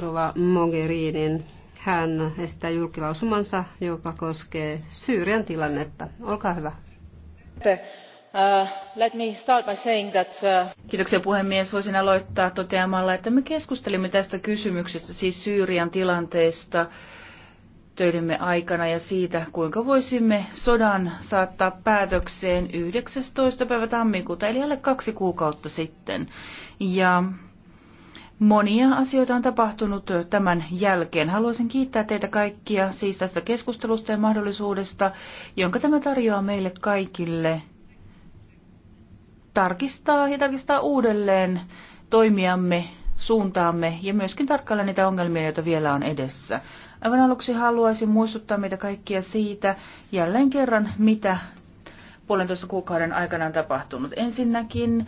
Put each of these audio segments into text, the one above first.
Rova Mogherinin. Hän esittää julkilausumansa, joka koskee Syyrian tilannetta. Olkaa hyvä. Uh, uh, Kiitoksia puhemies. Voisin aloittaa toteamalla, että me keskustelimme tästä kysymyksestä, siis Syyrian tilanteesta töidemme aikana ja siitä, kuinka voisimme sodan saattaa päätökseen 19. päivä tammikuuta, eli alle kaksi kuukautta sitten. Ja Monia asioita on tapahtunut tämän jälkeen. Haluaisin kiittää teitä kaikkia siis tästä keskustelusta ja mahdollisuudesta, jonka tämä tarjoaa meille kaikille tarkistaa ja tarkistaa uudelleen toimiamme, suuntaamme ja myöskin tarkkailla niitä ongelmia, joita vielä on edessä. Aivan aluksi haluaisin muistuttaa meitä kaikkia siitä jälleen kerran, mitä puolentoista kuukauden aikana on tapahtunut. Ensinnäkin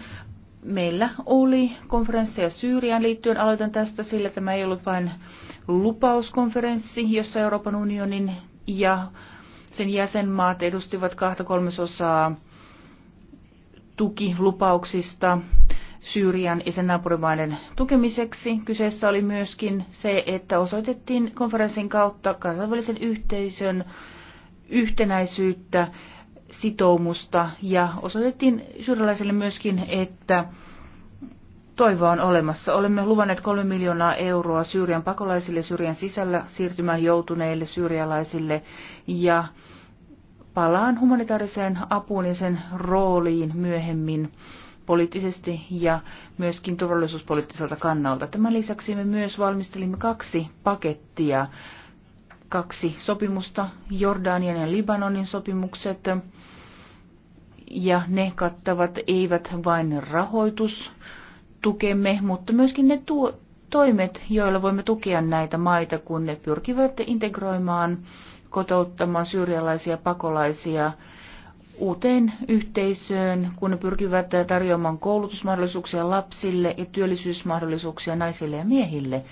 meillä oli konferensseja Syyriaan liittyen. Aloitan tästä, sillä tämä ei ollut vain lupauskonferenssi, jossa Euroopan unionin ja sen jäsenmaat edustivat kahta kolmasosaa tukilupauksista Syyrian ja sen naapurimaiden tukemiseksi. Kyseessä oli myöskin se, että osoitettiin konferenssin kautta kansainvälisen yhteisön yhtenäisyyttä sitoumusta ja osoitettiin syyrialaisille myöskin, että toivoa on olemassa. Olemme luvanneet kolme miljoonaa euroa Syyrian pakolaisille, Syyrian sisällä siirtymään joutuneille syyrialaisille ja palaan humanitaariseen apuun ja sen rooliin myöhemmin poliittisesti ja myöskin turvallisuuspoliittiselta kannalta. Tämän lisäksi me myös valmistelimme kaksi pakettia kaksi sopimusta, Jordanian ja Libanonin sopimukset, ja ne kattavat eivät vain rahoitustukemme, mutta myöskin ne tuo, toimet, joilla voimme tukea näitä maita, kun ne pyrkivät integroimaan, kotouttamaan syyrialaisia pakolaisia uuteen yhteisöön, kun ne pyrkivät tarjoamaan koulutusmahdollisuuksia lapsille ja työllisyysmahdollisuuksia naisille ja miehille.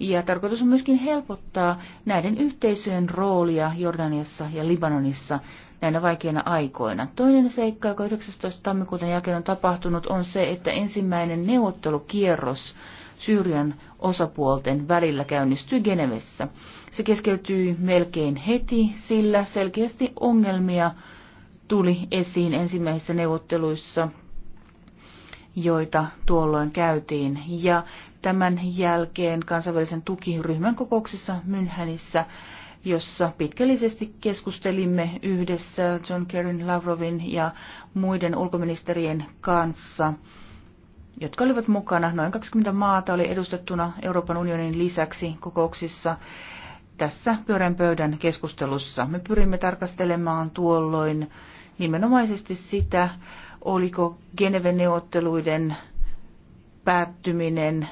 Ja tarkoitus on myöskin helpottaa näiden yhteisöjen roolia Jordaniassa ja Libanonissa näinä vaikeina aikoina. Toinen seikka, joka 19. tammikuuta jälkeen on tapahtunut, on se, että ensimmäinen neuvottelukierros Syyrian osapuolten välillä käynnistyi Genevessä. Se keskeytyi melkein heti, sillä selkeästi ongelmia tuli esiin ensimmäisissä neuvotteluissa, joita tuolloin käytiin. Ja tämän jälkeen kansainvälisen tukiryhmän kokouksessa Münchenissä, jossa pitkällisesti keskustelimme yhdessä John Kerryn, Lavrovin ja muiden ulkoministerien kanssa jotka olivat mukana. Noin 20 maata oli edustettuna Euroopan unionin lisäksi kokouksissa tässä pyörän pöydän keskustelussa. Me pyrimme tarkastelemaan tuolloin nimenomaisesti sitä, oliko Geneven neuvotteluiden päättyminen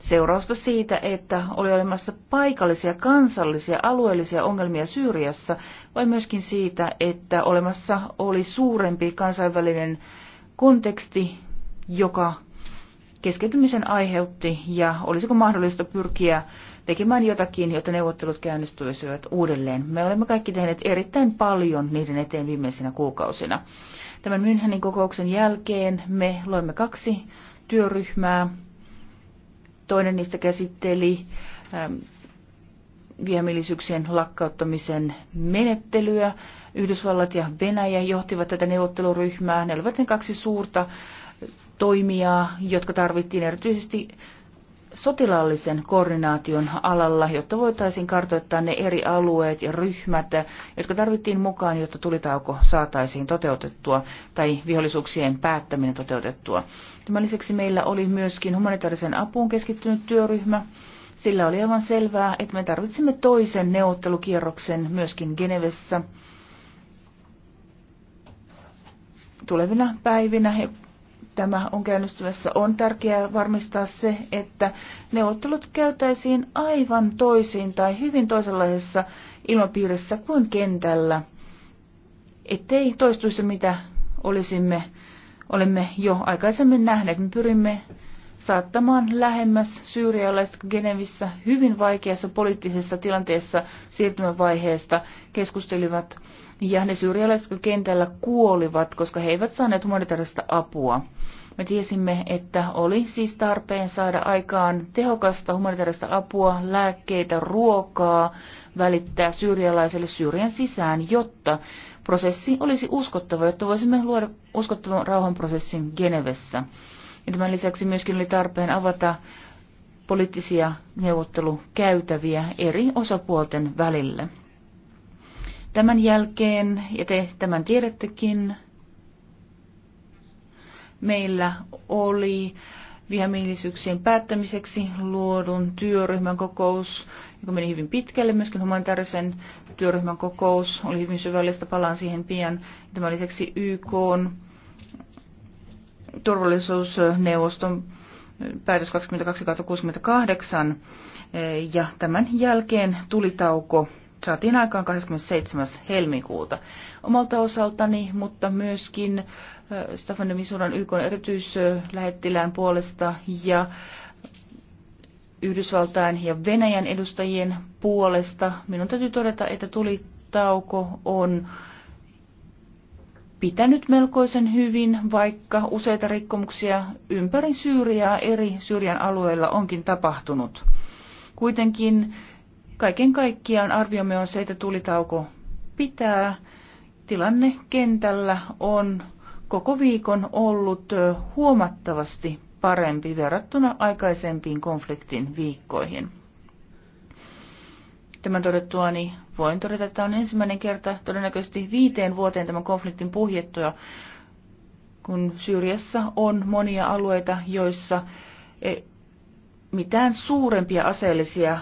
seurausta siitä, että oli olemassa paikallisia, kansallisia, alueellisia ongelmia Syyriassa, vai myöskin siitä, että olemassa oli suurempi kansainvälinen konteksti, joka keskeytymisen aiheutti, ja olisiko mahdollista pyrkiä tekemään jotakin, jotta neuvottelut käynnistyisivät uudelleen. Me olemme kaikki tehneet erittäin paljon niiden eteen viimeisinä kuukausina. Tämän Münchenin kokouksen jälkeen me loimme kaksi työryhmää, Toinen niistä käsitteli ähm, viemillisyyksien lakkauttamisen menettelyä. Yhdysvallat ja Venäjä johtivat tätä neuvotteluryhmää. Ne olivat ne kaksi suurta toimijaa, jotka tarvittiin erityisesti sotilaallisen koordinaation alalla, jotta voitaisiin kartoittaa ne eri alueet ja ryhmät, jotka tarvittiin mukaan, jotta tulitauko saataisiin toteutettua tai vihollisuuksien päättäminen toteutettua. Tämän lisäksi meillä oli myöskin humanitaarisen apuun keskittynyt työryhmä. Sillä oli aivan selvää, että me tarvitsemme toisen neuvottelukierroksen myöskin Genevessä tulevina päivinä tämä on käynnistyvässä, on tärkeää varmistaa se, että neuvottelut käytäisiin aivan toisiin tai hyvin toisenlaisessa ilmapiirissä kuin kentällä, ettei toistuisi mitä olisimme, olemme jo aikaisemmin nähneet. Me pyrimme saattamaan lähemmäs syyrialaiset Genevissä hyvin vaikeassa poliittisessa tilanteessa siirtymävaiheesta keskustelivat ja ne syyrialaiset kentällä kuolivat, koska he eivät saaneet humanitaarista apua. Me tiesimme, että oli siis tarpeen saada aikaan tehokasta humanitaarista apua, lääkkeitä, ruokaa, välittää syyrialaiselle Syyrian sisään, jotta prosessi olisi uskottava, jotta voisimme luoda uskottavan rauhanprosessin Genevessä. Ja tämän lisäksi myöskin oli tarpeen avata poliittisia neuvottelukäytäviä eri osapuolten välille. Tämän jälkeen, ja te tämän tiedättekin, meillä oli vihamielisyyksien päättämiseksi luodun työryhmän kokous, joka meni hyvin pitkälle. Myöskin humanitaarisen työryhmän kokous oli hyvin syvällistä, palaan siihen pian. tämä lisäksi YK on turvallisuusneuvoston päätös 22-68 ja tämän jälkeen tuli tauko saatiin aikaan 27. helmikuuta omalta osaltani, mutta myöskin Staffan de Misuran YK erityislähettilään puolesta ja Yhdysvaltain ja Venäjän edustajien puolesta. Minun täytyy todeta, että tulitauko on pitänyt melkoisen hyvin, vaikka useita rikkomuksia ympäri Syyriaa eri Syyrian alueilla onkin tapahtunut. Kuitenkin Kaiken kaikkiaan arviomme on se, että tulitauko pitää. Tilanne kentällä on koko viikon ollut huomattavasti parempi verrattuna aikaisempiin konfliktin viikkoihin. Tämän todettua niin voin todeta, että on ensimmäinen kerta todennäköisesti viiteen vuoteen tämän konfliktin puhjettua, kun Syyriassa on monia alueita, joissa eh, mitään suurempia aseellisia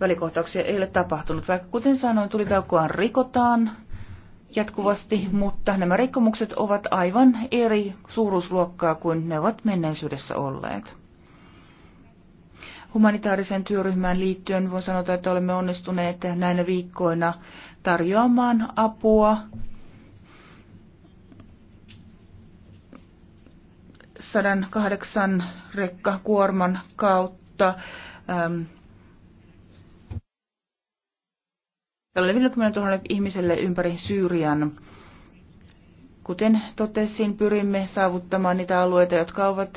välikohtauksia ei ole tapahtunut, vaikka kuten sanoin, tulitaukoa rikotaan jatkuvasti, mutta nämä rikkomukset ovat aivan eri suuruusluokkaa kuin ne ovat menneisyydessä olleet. Humanitaariseen työryhmään liittyen voin sanoa, että olemme onnistuneet näinä viikkoina tarjoamaan apua kahdeksan rekkakuorman kautta ähm, tälle 50 000 ihmiselle ympäri Syyrian. Kuten totesin, pyrimme saavuttamaan niitä alueita, jotka ovat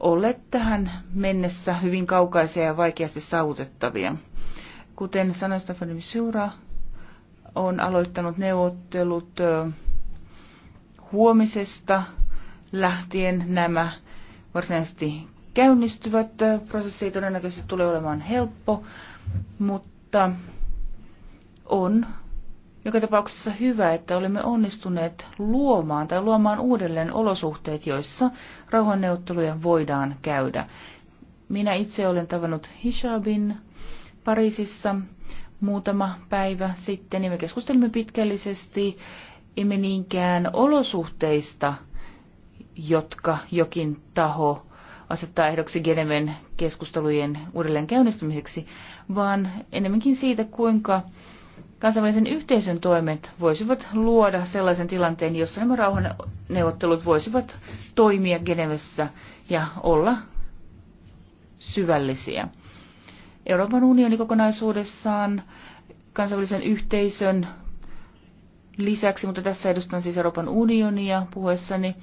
olleet tähän mennessä hyvin kaukaisia ja vaikeasti saavutettavia. Kuten sanoi Stefan Misura, on aloittanut neuvottelut huomisesta lähtien nämä varsinaisesti käynnistyvät. Prosessi ei todennäköisesti tule olemaan helppo, mutta on joka tapauksessa hyvä, että olemme onnistuneet luomaan tai luomaan uudelleen olosuhteet, joissa rauhanneuvotteluja voidaan käydä. Minä itse olen tavannut Hishabin Pariisissa muutama päivä sitten ja me keskustelimme pitkällisesti emme niinkään olosuhteista, jotka jokin taho asettaa ehdoksi Geneven keskustelujen uudelleen käynnistymiseksi, vaan enemmänkin siitä, kuinka kansainvälisen yhteisön toimet voisivat luoda sellaisen tilanteen, jossa nämä rauhanneuvottelut voisivat toimia Genevessä ja olla syvällisiä. Euroopan unioni kokonaisuudessaan kansainvälisen yhteisön lisäksi, mutta tässä edustan siis Euroopan unionia puhuessani,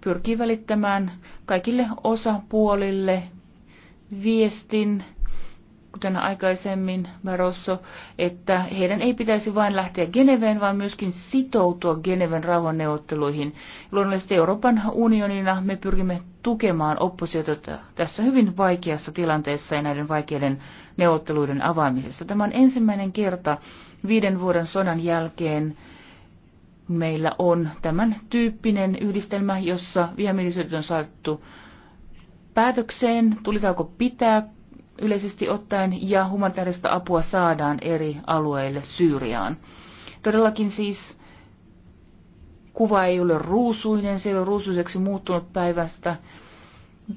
pyrkii välittämään kaikille osapuolille viestin kuten aikaisemmin Barroso, että heidän ei pitäisi vain lähteä Geneveen, vaan myöskin sitoutua Geneven rauhanneuvotteluihin. Luonnollisesti Euroopan unionina me pyrimme tukemaan oppositiota tässä hyvin vaikeassa tilanteessa ja näiden vaikeiden neuvotteluiden avaamisessa. Tämä on ensimmäinen kerta viiden vuoden sodan jälkeen, meillä on tämän tyyppinen yhdistelmä, jossa vihamielisyydet on saatu päätökseen, tulitauko pitää, yleisesti ottaen ja humanitaarista apua saadaan eri alueille Syyriaan. Todellakin siis kuva ei ole ruusuinen, se ei ole ruusuiseksi muuttunut päivästä,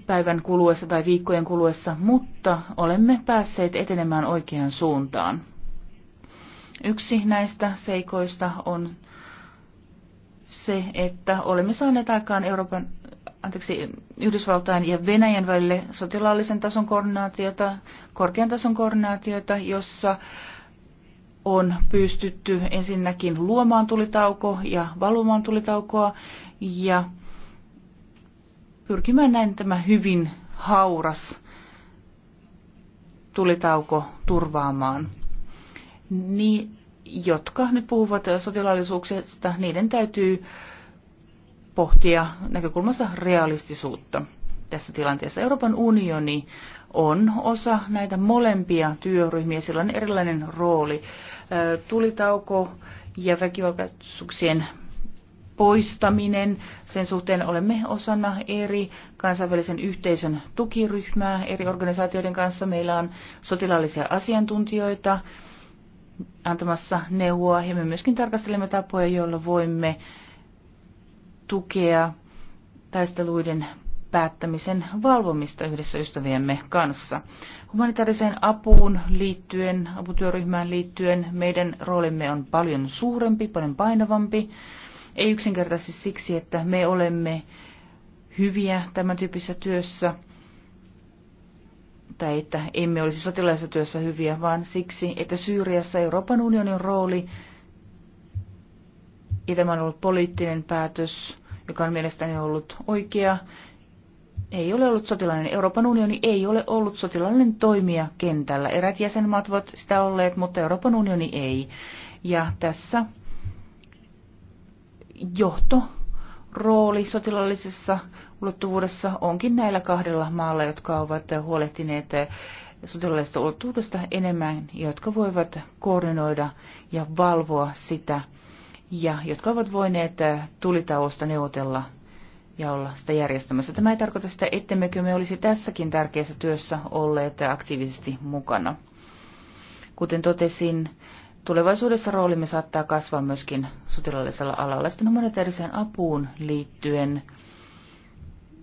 päivän kuluessa tai viikkojen kuluessa, mutta olemme päässeet etenemään oikeaan suuntaan. Yksi näistä seikoista on se, että olemme saaneet aikaan Euroopan anteeksi, Yhdysvaltain ja Venäjän välille sotilaallisen tason koordinaatiota, korkean tason koordinaatiota, jossa on pystytty ensinnäkin luomaan tulitauko ja valumaan tulitaukoa ja pyrkimään näin tämä hyvin hauras tulitauko turvaamaan. Ni, jotka nyt puhuvat sotilaallisuuksista, niiden täytyy äh, pohtia näkökulmassa realistisuutta tässä tilanteessa. Euroopan unioni on osa näitä molempia työryhmiä, sillä on erilainen rooli. Tulitauko ja väkivaltaisuuksien poistaminen. Sen suhteen olemme osana eri kansainvälisen yhteisön tukiryhmää eri organisaatioiden kanssa. Meillä on sotilaallisia asiantuntijoita antamassa neuvoa ja me myöskin tarkastelemme tapoja, joilla voimme tukea taisteluiden päättämisen valvomista yhdessä ystäviemme kanssa. Humanitaariseen apuun liittyen, aputyöryhmään liittyen, meidän roolimme on paljon suurempi, paljon painavampi. Ei yksinkertaisesti siksi, että me olemme hyviä tämän tyyppisessä työssä, tai että emme olisi sotilaisessa työssä hyviä, vaan siksi, että Syyriassa Euroopan unionin rooli, ja tämä on ollut poliittinen päätös, joka on mielestäni ollut oikea, ei ole ollut sotilainen. Euroopan unioni ei ole ollut sotilainen toimija kentällä. Erät jäsenmaat ovat sitä olleet, mutta Euroopan unioni ei. Ja tässä johto rooli sotilaallisessa ulottuvuudessa onkin näillä kahdella maalla, jotka ovat huolehtineet sotilaallisesta ulottuvuudesta enemmän, jotka voivat koordinoida ja valvoa sitä, ja jotka ovat voineet äh, tulitauosta neuvotella ja olla sitä järjestämässä. Tämä ei tarkoita sitä, ettemmekö me olisi tässäkin tärkeässä työssä olleet äh, aktiivisesti mukana. Kuten totesin, tulevaisuudessa roolimme saattaa kasvaa myöskin sotilaallisella alalla. Sitten humanitaariseen apuun liittyen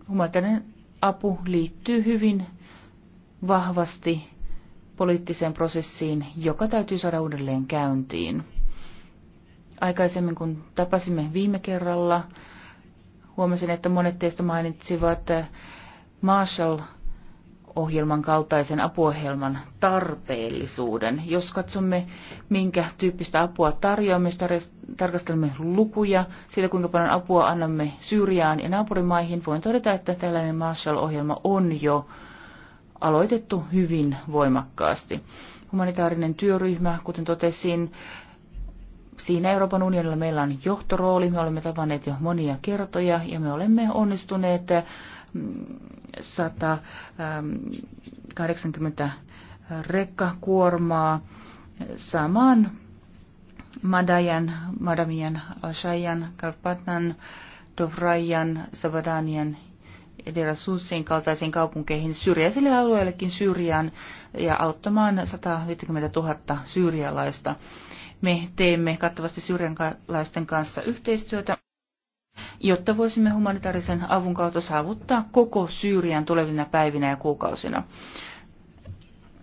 humanitaarinen apu liittyy hyvin vahvasti poliittiseen prosessiin, joka täytyy saada uudelleen käyntiin aikaisemmin, kun tapasimme viime kerralla. Huomasin, että monet teistä mainitsivat eh, Marshall-ohjelman kaltaisen apuohjelman tarpeellisuuden. Jos katsomme, minkä tyyppistä apua tarjoamme, jos tarkastelemme lukuja siitä, kuinka paljon apua annamme Syyriaan ja naapurimaihin, voin todeta, että tällainen Marshall-ohjelma on jo aloitettu hyvin voimakkaasti humanitaarinen työryhmä, kuten totesin, Siinä Euroopan unionilla meillä on johtorooli, me olemme tavanneet jo monia kertoja ja me olemme onnistuneet 180 mm, rekkakuormaa saamaan Madajan, Madamian, Alshajan, Karpatan, Dovrajan, Savadanian Derasusin kaltaisiin kaupunkeihin syrjäisille alueillekin Syyriaan ja auttamaan 150 000 syyrialaista. Me teemme kattavasti syrjankalaisten kanssa yhteistyötä, jotta voisimme humanitaarisen avun kautta saavuttaa koko Syyrian tulevina päivinä ja kuukausina.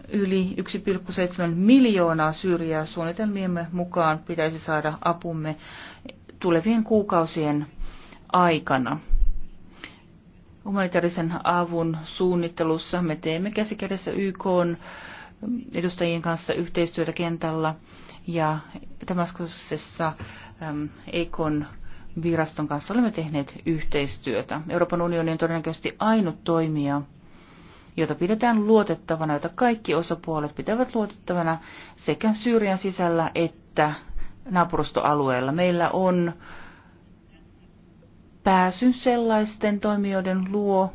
Yli 1,7 miljoonaa Syyriaa suunnitelmiemme mukaan pitäisi saada apumme tulevien kuukausien aikana. Humanitaarisen avun suunnittelussa me teemme käsikädessä YK edustajien kanssa yhteistyötä kentällä ja Damaskuksessa ähm, Ekon viraston kanssa olemme tehneet yhteistyötä. Euroopan unioni on todennäköisesti ainut toimija, jota pidetään luotettavana, jota kaikki osapuolet pitävät luotettavana sekä Syyrian sisällä että naapurustoalueella. Meillä on pääsy sellaisten toimijoiden luo,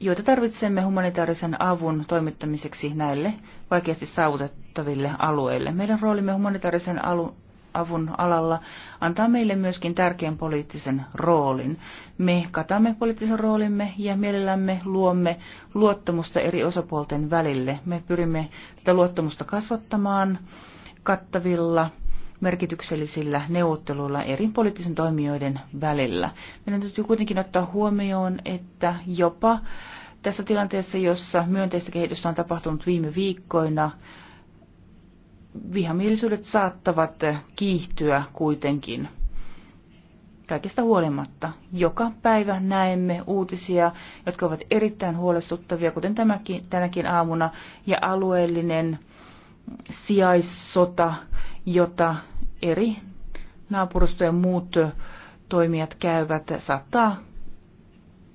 joita tarvitsemme humanitaarisen avun toimittamiseksi näille vaikeasti saavutettaville saavuttaville alueille. Meidän roolimme humanitaarisen alu- avun alalla antaa meille myöskin tärkeän poliittisen roolin. Me katamme poliittisen roolimme ja mielellämme luomme luottamusta eri osapuolten välille. Me pyrimme tätä luottamusta kasvattamaan kattavilla merkityksellisillä neuvotteluilla eri poliittisen toimijoiden välillä. Meidän täytyy kuitenkin ottaa huomioon, että jopa tässä tilanteessa, jossa myönteistä kehitystä on tapahtunut viime viikkoina, vihamielisyydet saattavat kiihtyä kuitenkin. Kaikesta huolimatta, joka päivä näemme uutisia, jotka ovat erittäin huolestuttavia, kuten tämäkin, tänäkin aamuna, ja alueellinen sijaissota, jota eri naapurustojen muut toimijat käyvät, saattaa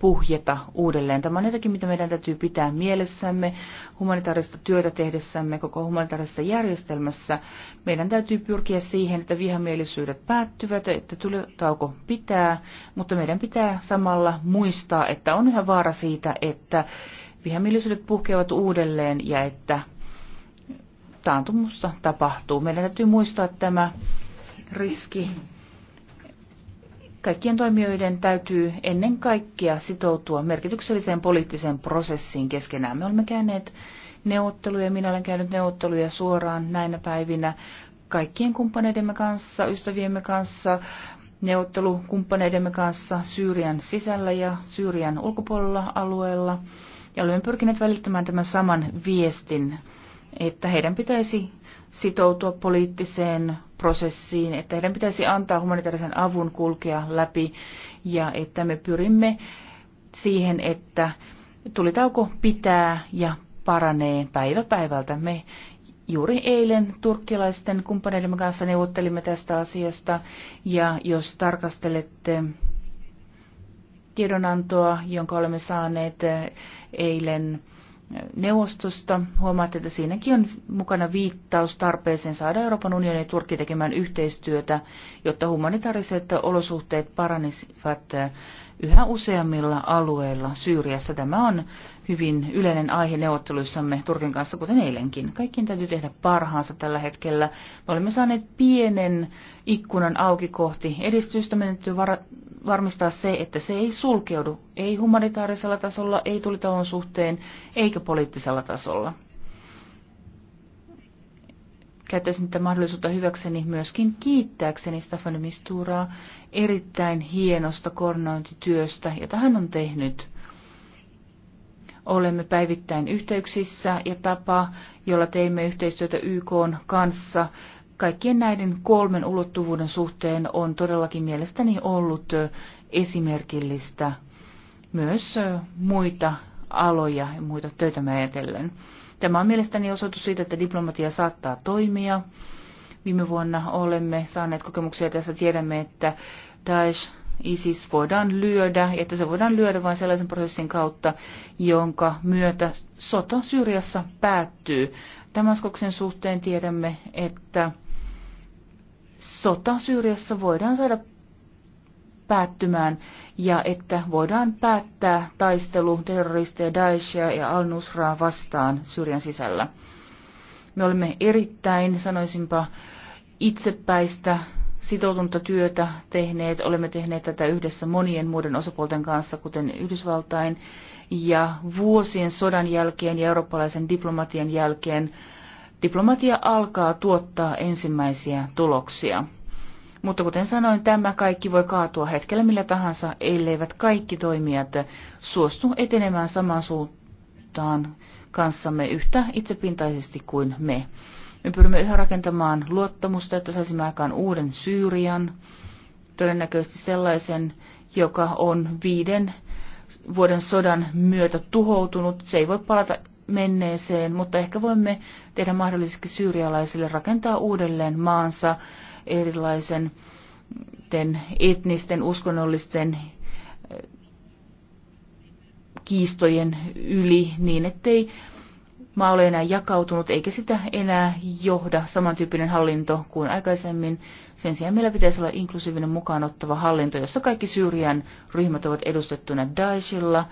puhjeta uudelleen. Tämä on jotakin, mitä meidän täytyy pitää mielessämme humanitaarista työtä tehdessämme, koko humanitaarisessa järjestelmässä. Meidän täytyy pyrkiä siihen, että vihamielisyydet päättyvät, että tulitauko pitää, mutta meidän pitää samalla muistaa, että on yhä vaara siitä, että vihamielisyydet puhkeavat uudelleen ja että taantumusta tapahtuu. Meidän täytyy muistaa tämä riski Kaikkien toimijoiden täytyy ennen kaikkea sitoutua merkitykselliseen poliittiseen prosessiin keskenään. Me olemme käyneet neuvotteluja, minä olen käynyt neuvotteluja suoraan näinä päivinä kaikkien kumppaneidemme kanssa, ystäviemme kanssa, neuvottelukumppaneidemme kanssa Syyrian sisällä ja Syyrian ulkopuolella alueella. Ja olemme pyrkineet välittämään tämän saman viestin, että heidän pitäisi sitoutua poliittiseen prosessiin, että heidän pitäisi antaa humanitaarisen avun kulkea läpi ja että me pyrimme siihen, että tulitauko pitää ja paranee päivä päivältä. Me juuri eilen turkkilaisten kumppaneiden kanssa neuvottelimme tästä asiasta ja jos tarkastelette tiedonantoa, jonka olemme saaneet eilen neuvostosta. Huomaatte, että siinäkin on mukana viittaus tarpeeseen saada Euroopan unioni ja Turkki tekemään yhteistyötä, jotta humanitaariset olosuhteet paranisivat yhä useammilla alueilla Syyriassa. Tämä on hyvin yleinen aihe neuvotteluissamme Turkin kanssa, kuten eilenkin. Kaikkien täytyy tehdä parhaansa tällä hetkellä. Me olemme saaneet pienen ikkunan auki kohti edistystä. Meidän täytyy var- varmistaa se, että se ei sulkeudu, ei humanitaarisella tasolla, ei tulitauon suhteen, eikä poliittisella tasolla käyttäisin tätä mahdollisuutta hyväkseni myöskin kiittääkseni Stefan Misturaa erittäin hienosta koordinointityöstä, jota hän on tehnyt. Olemme päivittäin yhteyksissä ja tapa, jolla teimme yhteistyötä YK kanssa, kaikkien näiden kolmen ulottuvuuden suhteen on todellakin mielestäni ollut esimerkillistä myös muita aloja ja muita töitä mä ajatellen. Tämä on mielestäni osoitus siitä, että diplomatia saattaa toimia. Viime vuonna olemme saaneet kokemuksia tässä. Tiedämme, että Daesh ISIS voidaan lyödä, että se voidaan lyödä vain sellaisen prosessin kautta, jonka myötä sota Syyriassa päättyy. Damaskoksen suhteen tiedämme, että sota Syyriassa voidaan saada päättymään ja että voidaan päättää taistelu terroristeja Daeshia ja al-Nusraa vastaan Syyrian sisällä. Me olemme erittäin, sanoisinpa, itsepäistä sitoutunutta työtä tehneet. Olemme tehneet tätä yhdessä monien muiden osapuolten kanssa, kuten Yhdysvaltain. Ja vuosien sodan jälkeen ja eurooppalaisen diplomatian jälkeen diplomatia alkaa tuottaa ensimmäisiä tuloksia. Mutta kuten sanoin, tämä kaikki voi kaatua hetkellä millä tahansa, elleivät kaikki toimijat suostu etenemään samaan suuntaan kanssamme yhtä itsepintaisesti kuin me. Me pyrimme yhä rakentamaan luottamusta, että saisimme aikaan uuden Syyrian, todennäköisesti sellaisen, joka on viiden vuoden sodan myötä tuhoutunut. Se ei voi palata menneeseen, mutta ehkä voimme tehdä mahdollisesti syyrialaisille rakentaa uudelleen maansa erilaisen etnisten, uskonnollisten eh, kiistojen yli niin, ettei maa ole enää jakautunut eikä sitä enää johda samantyyppinen hallinto kuin aikaisemmin. Sen sijaan meillä pitäisi olla inklusiivinen mukaanottava hallinto, jossa kaikki Syyrian ryhmät ovat edustettuna Daeshilla.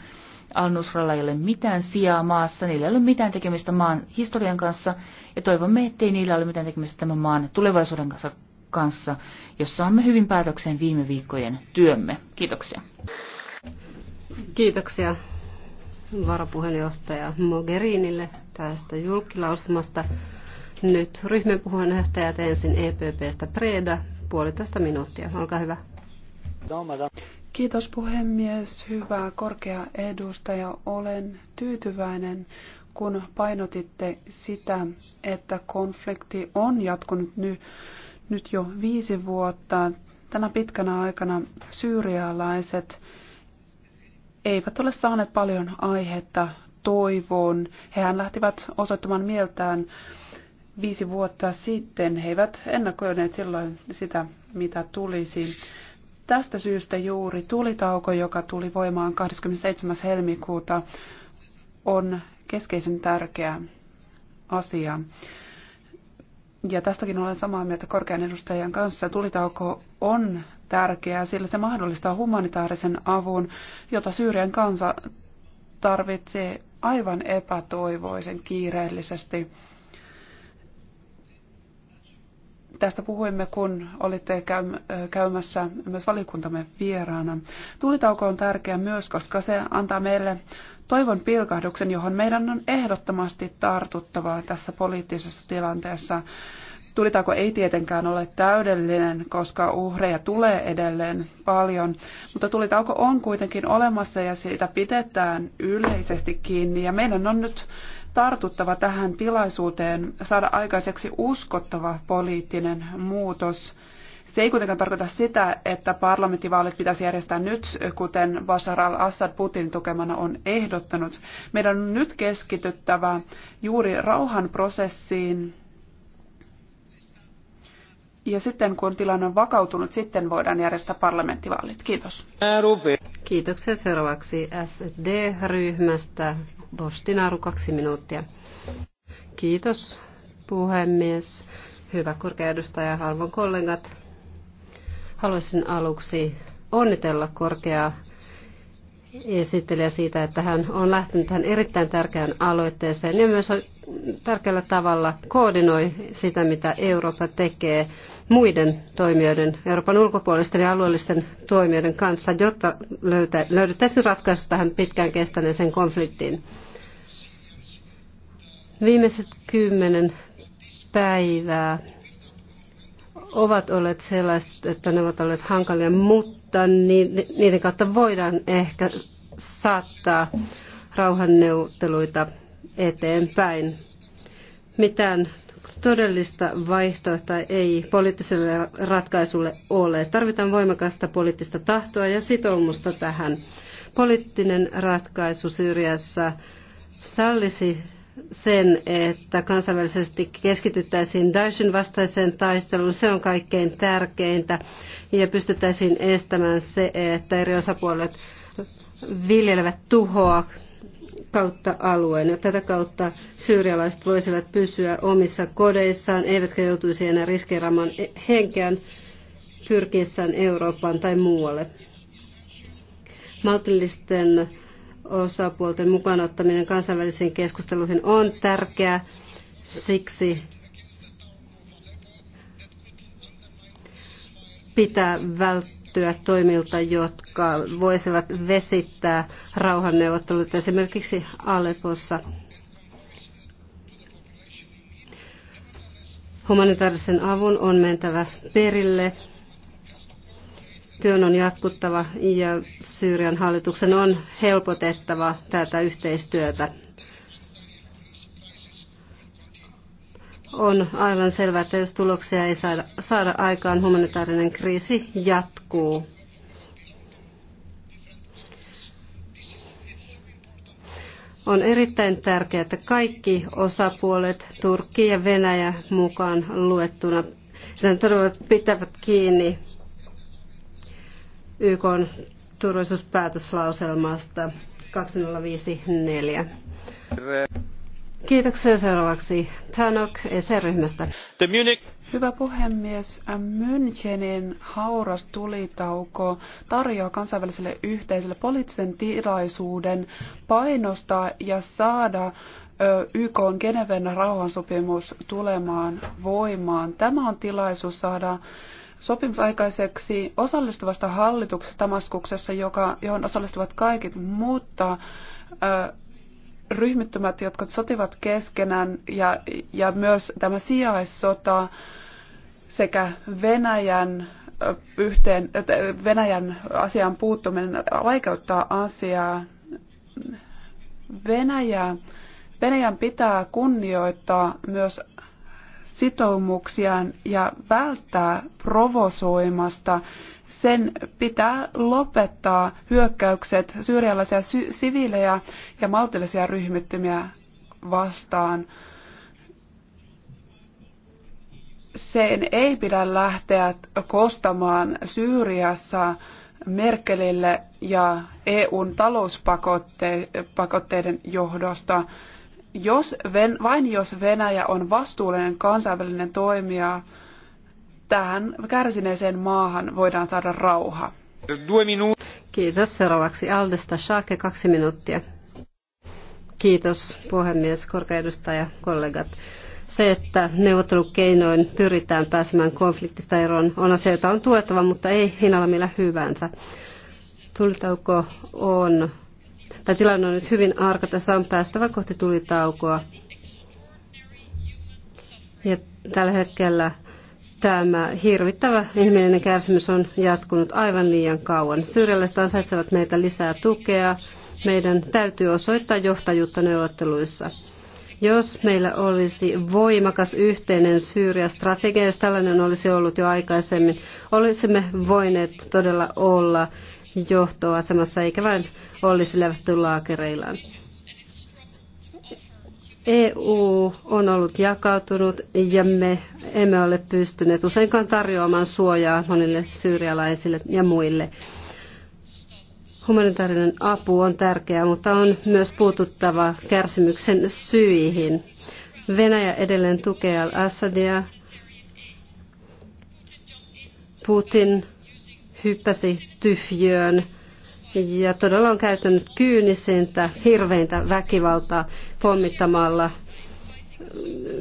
Al-Nusralla ei ole mitään sijaa maassa, niillä ei ole mitään tekemistä maan historian kanssa ja toivomme, ettei niillä ole mitään tekemistä tämän maan tulevaisuuden kanssa kanssa, jos saamme hyvin päätökseen viime viikkojen työmme. Kiitoksia. Kiitoksia varapuheenjohtaja Mogherinille tästä julkilausumasta. Nyt ryhmän puheenjohtajat ensin EPPstä Preda, puolitoista minuuttia. Olkaa hyvä. Kiitos puhemies, hyvä korkea edustaja. Olen tyytyväinen, kun painotitte sitä, että konflikti on jatkunut nyt nyt jo viisi vuotta. Tänä pitkänä aikana syyrialaiset eivät ole saaneet paljon aihetta toivoon. Hehän lähtivät osoittamaan mieltään viisi vuotta sitten. He eivät ennakoineet silloin sitä, mitä tulisi. Tästä syystä juuri tulitauko, joka tuli voimaan 27. helmikuuta, on keskeisen tärkeä asia. Ja tästäkin olen samaa mieltä korkean edustajan kanssa. Tulitauko on tärkeää, sillä se mahdollistaa humanitaarisen avun, jota Syyrian kansa tarvitsee aivan epätoivoisen kiireellisesti. Tästä puhuimme, kun olitte käymässä myös valikuntamme vieraana. Tulitauko on tärkeä myös, koska se antaa meille toivon pilkahduksen, johon meidän on ehdottomasti tartuttava tässä poliittisessa tilanteessa. Tulitako ei tietenkään ole täydellinen, koska uhreja tulee edelleen paljon, mutta tulitauko on kuitenkin olemassa ja siitä pidetään yleisesti kiinni. Ja meidän on nyt tartuttava tähän tilaisuuteen saada aikaiseksi uskottava poliittinen muutos. Se ei kuitenkaan tarkoita sitä, että parlamenttivaalit pitäisi järjestää nyt, kuten Bashar al-Assad Putinin tukemana on ehdottanut. Meidän on nyt keskityttävä juuri rauhanprosessiin. Ja sitten kun tilanne on vakautunut, sitten voidaan järjestää parlamenttivaalit. Kiitos. Kiitoksia seuraavaksi SD-ryhmästä. Bostinaru kaksi minuuttia. Kiitos puhemies. Hyvä korkea edustaja, arvon kollegat. Haluaisin aluksi onnitella korkeaa esittelijä siitä, että hän on lähtenyt tähän erittäin tärkeään aloitteeseen ja myös tärkeällä tavalla koordinoi sitä, mitä Eurooppa tekee muiden toimijoiden, Euroopan ulkopuolisten ja alueellisten toimijoiden kanssa, jotta löydettäisiin ratkaisu tähän pitkään kestäneeseen konfliktiin. Viimeiset kymmenen päivää ovat olleet sellaiset, että ne ovat olleet hankalia, mutta niiden kautta voidaan ehkä saattaa rauhanneuvotteluita eteenpäin. Mitään todellista vaihtoehtoa ei poliittiselle ratkaisulle ole. Tarvitaan voimakasta poliittista tahtoa ja sitoumusta tähän. Poliittinen ratkaisu Syyriassa sallisi sen, että kansainvälisesti keskityttäisiin Daeshin vastaiseen taisteluun. Se on kaikkein tärkeintä ja pystyttäisiin estämään se, että eri osapuolet viljelevät tuhoa kautta alueen. Ja tätä kautta syyrialaiset voisivat pysyä omissa kodeissaan, eivätkä joutuisi enää riskeeraamaan henkeään pyrkiessään Eurooppaan tai muualle. Maltillisten osapuolten mukaanottaminen kansainvälisiin keskusteluihin on tärkeää. Siksi pitää välttyä toimilta, jotka voisivat vesittää rauhanneuvottelut esimerkiksi Alepossa. Humanitaarisen avun on mentävä perille Työn on jatkuttava ja Syyrian hallituksen on helpotettava tätä yhteistyötä. On aivan selvää, että jos tuloksia ei saada, saada aikaan, humanitaarinen kriisi jatkuu. On erittäin tärkeää, että kaikki osapuolet, Turkki ja Venäjä mukaan luettuna, pitävät kiinni YK turvallisuuspäätöslauselmasta 2054. Kiitoksia seuraavaksi Tanok ESE-ryhmästä. Hyvä puhemies, Münchenin hauras tulitauko tarjoaa kansainväliselle yhteisölle poliittisen tilaisuuden painostaa ja saada YK on Geneven rauhansopimus tulemaan voimaan. Tämä on tilaisuus saada sopimusaikaiseksi osallistuvasta hallituksesta Damaskuksessa, joka, johon osallistuvat kaikki, mutta ö, ryhmittymät, jotka sotivat keskenään ja, ja myös tämä sijaissota sekä Venäjän yhteen, Venäjän asiaan puuttuminen vaikeuttaa asiaa. Venäjä, Venäjän pitää kunnioittaa myös sitoumuksiaan ja välttää provosoimasta. Sen pitää lopettaa hyökkäykset syyrialaisia sy- siviilejä ja maltillisia ryhmittymiä vastaan. Sen ei pidä lähteä kostamaan Syyriassa Merkelille ja EUn talouspakotteiden johdosta jos, vain jos Venäjä on vastuullinen kansainvälinen toimija, tähän kärsineeseen maahan voidaan saada rauha. Kiitos. Seuraavaksi Aldesta Shake, kaksi minuuttia. Kiitos puhemies, korkeedustaja, kollegat. Se, että neuvottelukeinoin pyritään pääsemään konfliktista eroon, on asia, jota on tuettava, mutta ei hinnalla millä hyvänsä. Tulitauko on Tämä tilanne on nyt hyvin arka. Tässä on päästävä kohti tulitaukoa. Ja tällä hetkellä tämä hirvittävä ihminen kärsimys on jatkunut aivan liian kauan. Syyrialaiset ansaitsevat meitä lisää tukea. Meidän täytyy osoittaa johtajuutta neuvotteluissa. Jos meillä olisi voimakas yhteinen Syyria-strategia, jos tällainen olisi ollut jo aikaisemmin, olisimme voineet todella olla johtoasemassa, eikä vain olisi levätty laakereillaan. EU on ollut jakautunut ja me emme ole pystyneet useinkaan tarjoamaan suojaa monille syyrialaisille ja muille. Humanitaarinen apu on tärkeää, mutta on myös puututtava kärsimyksen syihin. Venäjä edelleen tukee al-Assadia. Putin hyppäsi tyhjöön ja todella on käyttänyt kyynisintä, hirveintä väkivaltaa pommittamalla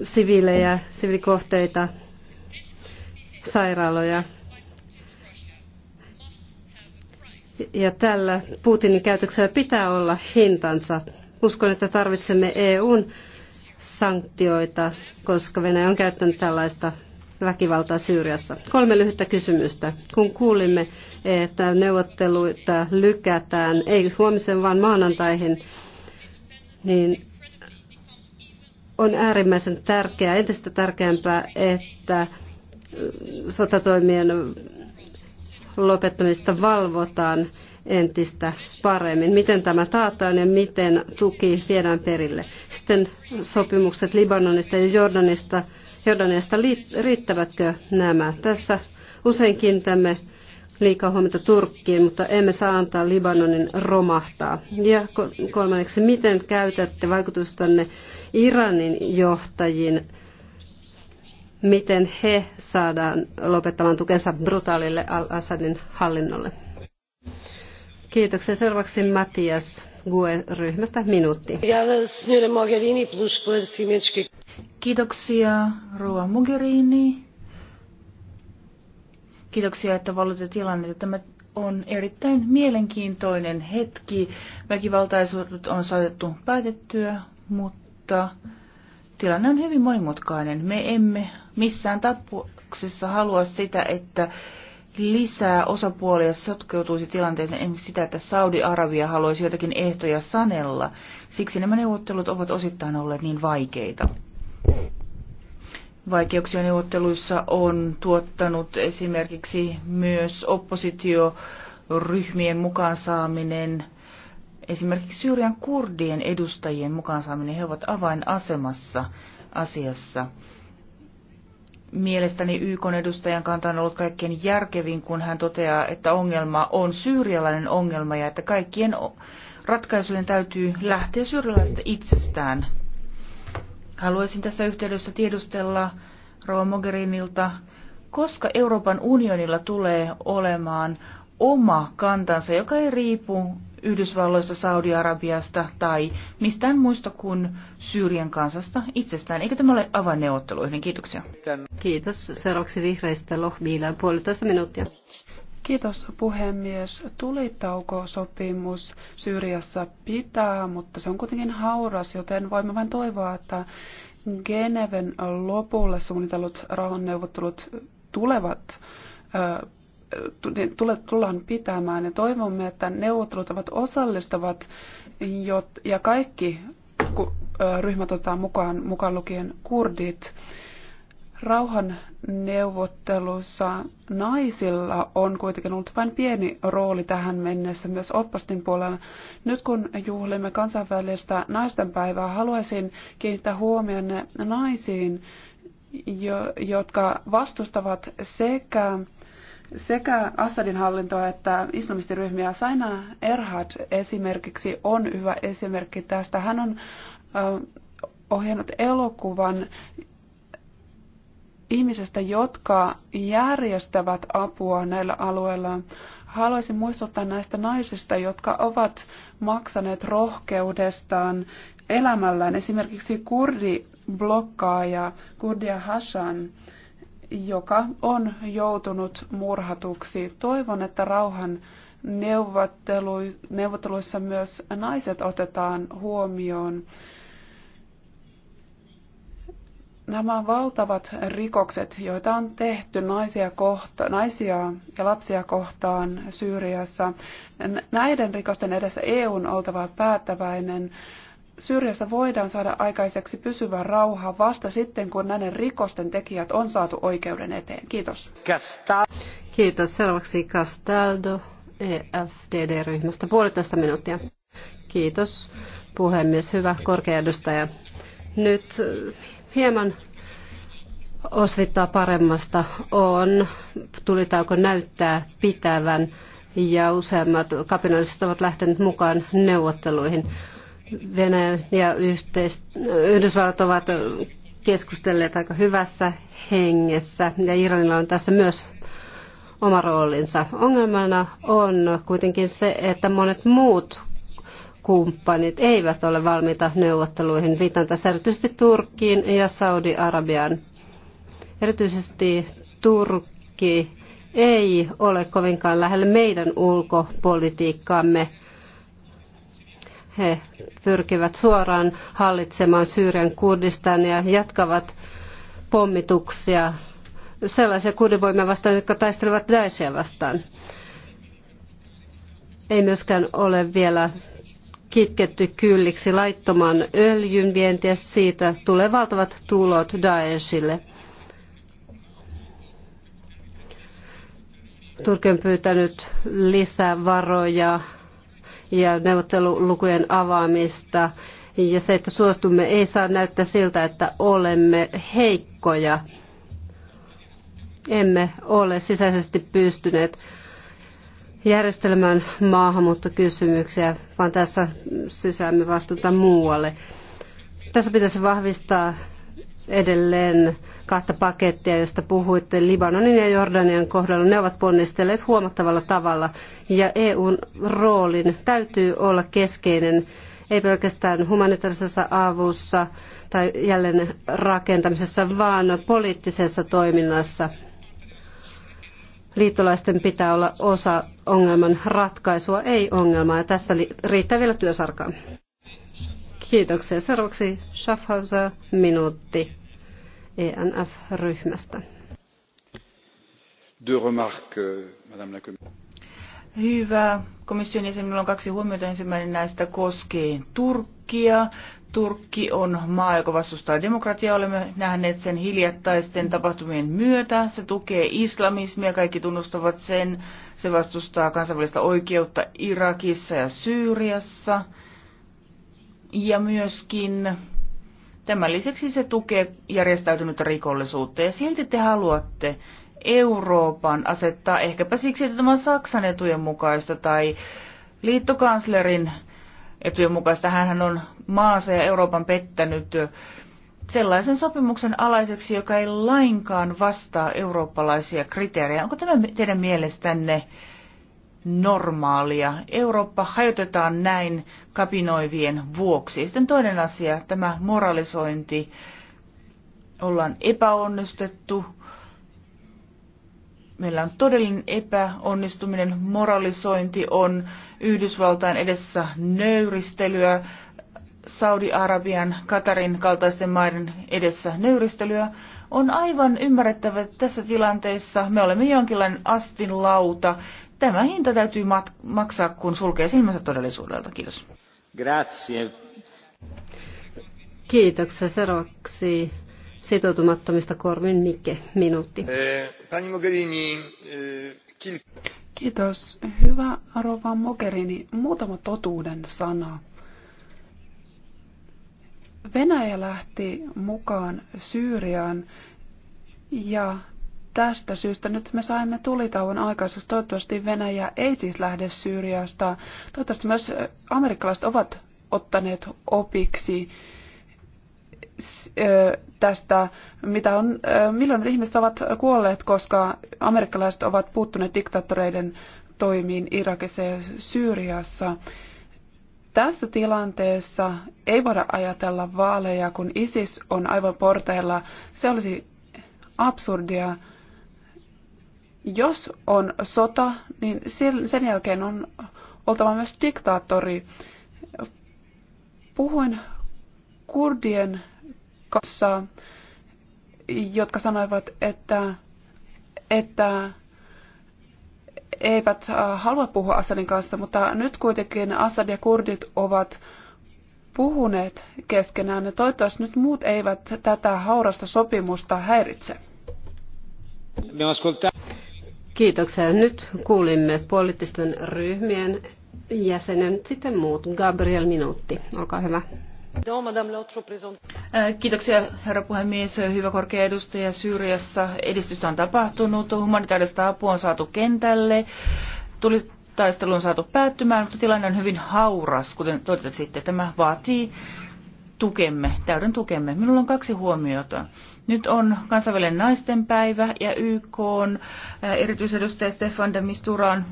siviilejä, sivilikohteita, sairaaloja. Ja tällä Putinin käytöksellä pitää olla hintansa. Uskon, että tarvitsemme EUn sanktioita, koska Venäjä on käyttänyt tällaista väkivaltaa Syyriassa. Kolme lyhyttä kysymystä. Kun kuulimme, että neuvotteluita lykätään, ei huomisen vaan maanantaihin, niin on äärimmäisen tärkeää, entistä tärkeämpää, että sotatoimien lopettamista valvotaan entistä paremmin. Miten tämä taataan ja miten tuki viedään perille. Sitten sopimukset Libanonista ja Jordanista Jordaniasta, riittävätkö nämä? Tässä usein kiinnitämme liikaa huomiota Turkkiin, mutta emme saa antaa Libanonin romahtaa. Ja kolmanneksi, miten käytätte vaikutustanne Iranin johtajiin? Miten he saadaan lopettamaan tukensa brutaalille al-Assadin hallinnolle? Kiitoksia. Seuraavaksi Matias Gue-ryhmästä minuutti. Kiitoksia Rua Mogherini. Kiitoksia, että valotte tilanne. Tämä on erittäin mielenkiintoinen hetki. Väkivaltaisuudet on saatettu päätettyä, mutta tilanne on hyvin monimutkainen. Me emme missään tapauksessa halua sitä, että lisää osapuolia sotkeutuisi tilanteeseen, esimerkiksi sitä, että Saudi-Arabia haluaisi jotakin ehtoja sanella. Siksi nämä neuvottelut ovat osittain olleet niin vaikeita vaikeuksia neuvotteluissa on tuottanut esimerkiksi myös oppositioryhmien mukaan saaminen, esimerkiksi Syyrian kurdien edustajien mukaan saaminen. He ovat avainasemassa asiassa. Mielestäni YK edustajan kanta on ollut kaikkein järkevin, kun hän toteaa, että ongelma on syyrialainen ongelma ja että kaikkien ratkaisujen täytyy lähteä syyrialaisista itsestään. Haluaisin tässä yhteydessä tiedustella Rova Mogherinilta, koska Euroopan unionilla tulee olemaan oma kantansa, joka ei riipu Yhdysvalloista, Saudi-Arabiasta tai mistään muista kuin Syyrian kansasta itsestään. Eikö tämä ole avainneuvotteluihin? Kiitoksia. Kiitos. Seuraavaksi vihreistä Lohbiilään puolitoista minuuttia. Kiitos puhemies. Tulitaukosopimus Syyriassa pitää, mutta se on kuitenkin hauras, joten voimme vain toivoa, että Geneven lopulla suunnitellut rauhanneuvottelut tulevat tullaan pitämään ja toivomme, että neuvottelut ovat osallistavat ja kaikki ryhmät otetaan mukaan, mukaan lukien kurdit. Rauhan neuvottelussa naisilla on kuitenkin ollut vain pieni rooli tähän mennessä myös oppastin puolella. Nyt kun juhlimme kansainvälistä naistenpäivää, haluaisin kiinnittää huomionne naisiin, jo, jotka vastustavat sekä, sekä Assadin hallintoa että islamistiryhmiä. Saina Erhard esimerkiksi on hyvä esimerkki tästä. Hän on ohjannut elokuvan, ihmisistä, jotka järjestävät apua näillä alueilla. Haluaisin muistuttaa näistä naisista, jotka ovat maksaneet rohkeudestaan elämällään. Esimerkiksi blokkaaja Kurdia Hassan, joka on joutunut murhatuksi. Toivon, että rauhan neuvotteluissa myös naiset otetaan huomioon nämä valtavat rikokset, joita on tehty naisia, kohta, naisia ja lapsia kohtaan Syyriassa, näiden rikosten edessä EU on oltava päättäväinen. Syyriassa voidaan saada aikaiseksi pysyvä rauha vasta sitten, kun näiden rikosten tekijät on saatu oikeuden eteen. Kiitos. Kiitos. Seuraavaksi Castaldo EFDD-ryhmästä puolitoista minuuttia. Kiitos puhemies. Hyvä korkea edustaja. Nyt hieman osvittaa paremmasta on, tulitauko näyttää pitävän ja useammat kapinalliset ovat lähteneet mukaan neuvotteluihin. Venäjä ja yhteis- Yhdysvallat ovat keskustelleet aika hyvässä hengessä ja Iranilla on tässä myös oma roolinsa. Ongelmana on kuitenkin se, että monet muut kumppanit eivät ole valmiita neuvotteluihin. Viitan tässä erityisesti Turkkiin ja Saudi-Arabiaan. Erityisesti Turkki ei ole kovinkaan lähellä meidän ulkopolitiikkaamme. He pyrkivät suoraan hallitsemaan Syyrian ja jatkavat pommituksia sellaisia kurdivoimia vastaan, jotka taistelevat Daeshia vastaan. Ei myöskään ole vielä kitketty kylliksi laittoman öljyn vientiä. Siitä tulee valtavat tulot Daeshille. Turki on pyytänyt lisää varoja ja neuvottelulukujen avaamista. Ja se, että suostumme, ei saa näyttää siltä, että olemme heikkoja. Emme ole sisäisesti pystyneet järjestelmään maahanmuuttokysymyksiä, vaan tässä sysäämme vastuuta muualle. Tässä pitäisi vahvistaa edelleen kahta pakettia, josta puhuitte Libanonin ja Jordanian kohdalla. Ne ovat ponnistelleet huomattavalla tavalla ja EUn roolin täytyy olla keskeinen ei pelkästään humanitaarisessa avussa tai jälleen rakentamisessa, vaan poliittisessa toiminnassa liittolaisten pitää olla osa ongelman ratkaisua, ei ongelmaa. Ja tässä riittää vielä työsarkaa. Kiitoksia. Seuraavaksi Schaffhauser minuutti ENF-ryhmästä. Deux remarques, euh, Madame la Commissaire. Hyvä. Komission jäsenillä on kaksi huomiota. Ensimmäinen näistä koskee Turkkia. Turkki on maa, joka vastustaa demokratiaa. Olemme nähneet sen hiljattaisten tapahtumien myötä. Se tukee islamismia, kaikki tunnustavat sen. Se vastustaa kansainvälistä oikeutta Irakissa ja Syyriassa. Ja myöskin tämän lisäksi se tukee järjestäytynyttä rikollisuutta. Ja silti te haluatte, Euroopan asettaa, ehkäpä siksi, että tämä on Saksan etujen mukaista tai liittokanslerin etujen mukaista. Hänhän on maansa ja Euroopan pettänyt sellaisen sopimuksen alaiseksi, joka ei lainkaan vastaa eurooppalaisia kriteerejä. Onko tämä teidän mielestänne normaalia? Eurooppa hajotetaan näin kapinoivien vuoksi. Sitten toinen asia, tämä moralisointi. Ollaan epäonnistettu, meillä on todellinen epäonnistuminen, moralisointi on Yhdysvaltain edessä nöyristelyä, Saudi-Arabian, Katarin kaltaisten maiden edessä nöyristelyä, on aivan ymmärrettävä, että tässä tilanteessa me olemme jonkinlainen lauta. Tämä hinta täytyy mat- maksaa, kun sulkee silmänsä todellisuudelta. Kiitos. Grazie. Kiitoksia. Seuraavaksi sitoutumattomista Korvin Mikke, minuutti. Eh, pani Mogherini, eh, Kiitos. Hyvä Rova Mogherini, muutama totuuden sana. Venäjä lähti mukaan Syyriaan ja tästä syystä nyt me saimme tulitauon aikaisuus. Toivottavasti Venäjä ei siis lähde Syyriasta. Toivottavasti myös amerikkalaiset ovat ottaneet opiksi tästä, mitä on, miljoonat ihmiset ovat kuolleet, koska amerikkalaiset ovat puuttuneet diktaattoreiden toimiin Irakissa ja Syyriassa. Tässä tilanteessa ei voida ajatella vaaleja, kun ISIS on aivan porteilla. Se olisi absurdia. Jos on sota, niin sen jälkeen on oltava myös diktaattori. Puhuin kurdien kanssa, jotka sanoivat, että, että eivät äh, halua puhua Assadin kanssa, mutta nyt kuitenkin Assad ja kurdit ovat puhuneet keskenään ja toivottavasti nyt muut eivät tätä haurasta sopimusta häiritse. Kiitoksia. Nyt kuulimme poliittisten ryhmien jäsenen, sitten muut. Gabriel Minuutti, olkaa hyvä. Kiitoksia puhemies. Hyvä korkea edustaja Syyriassa. Edistystä on tapahtunut, humanitaarista apua on saatu kentälle, tuli on saatu päättymään, mutta tilanne on hyvin hauras, kuten totesitte. Tämä vaatii tukemme, täyden tukemme. Minulla on kaksi huomiota. Nyt on kansainvälinen naistenpäivä ja YK on erityisedustaja Stefan de Misturan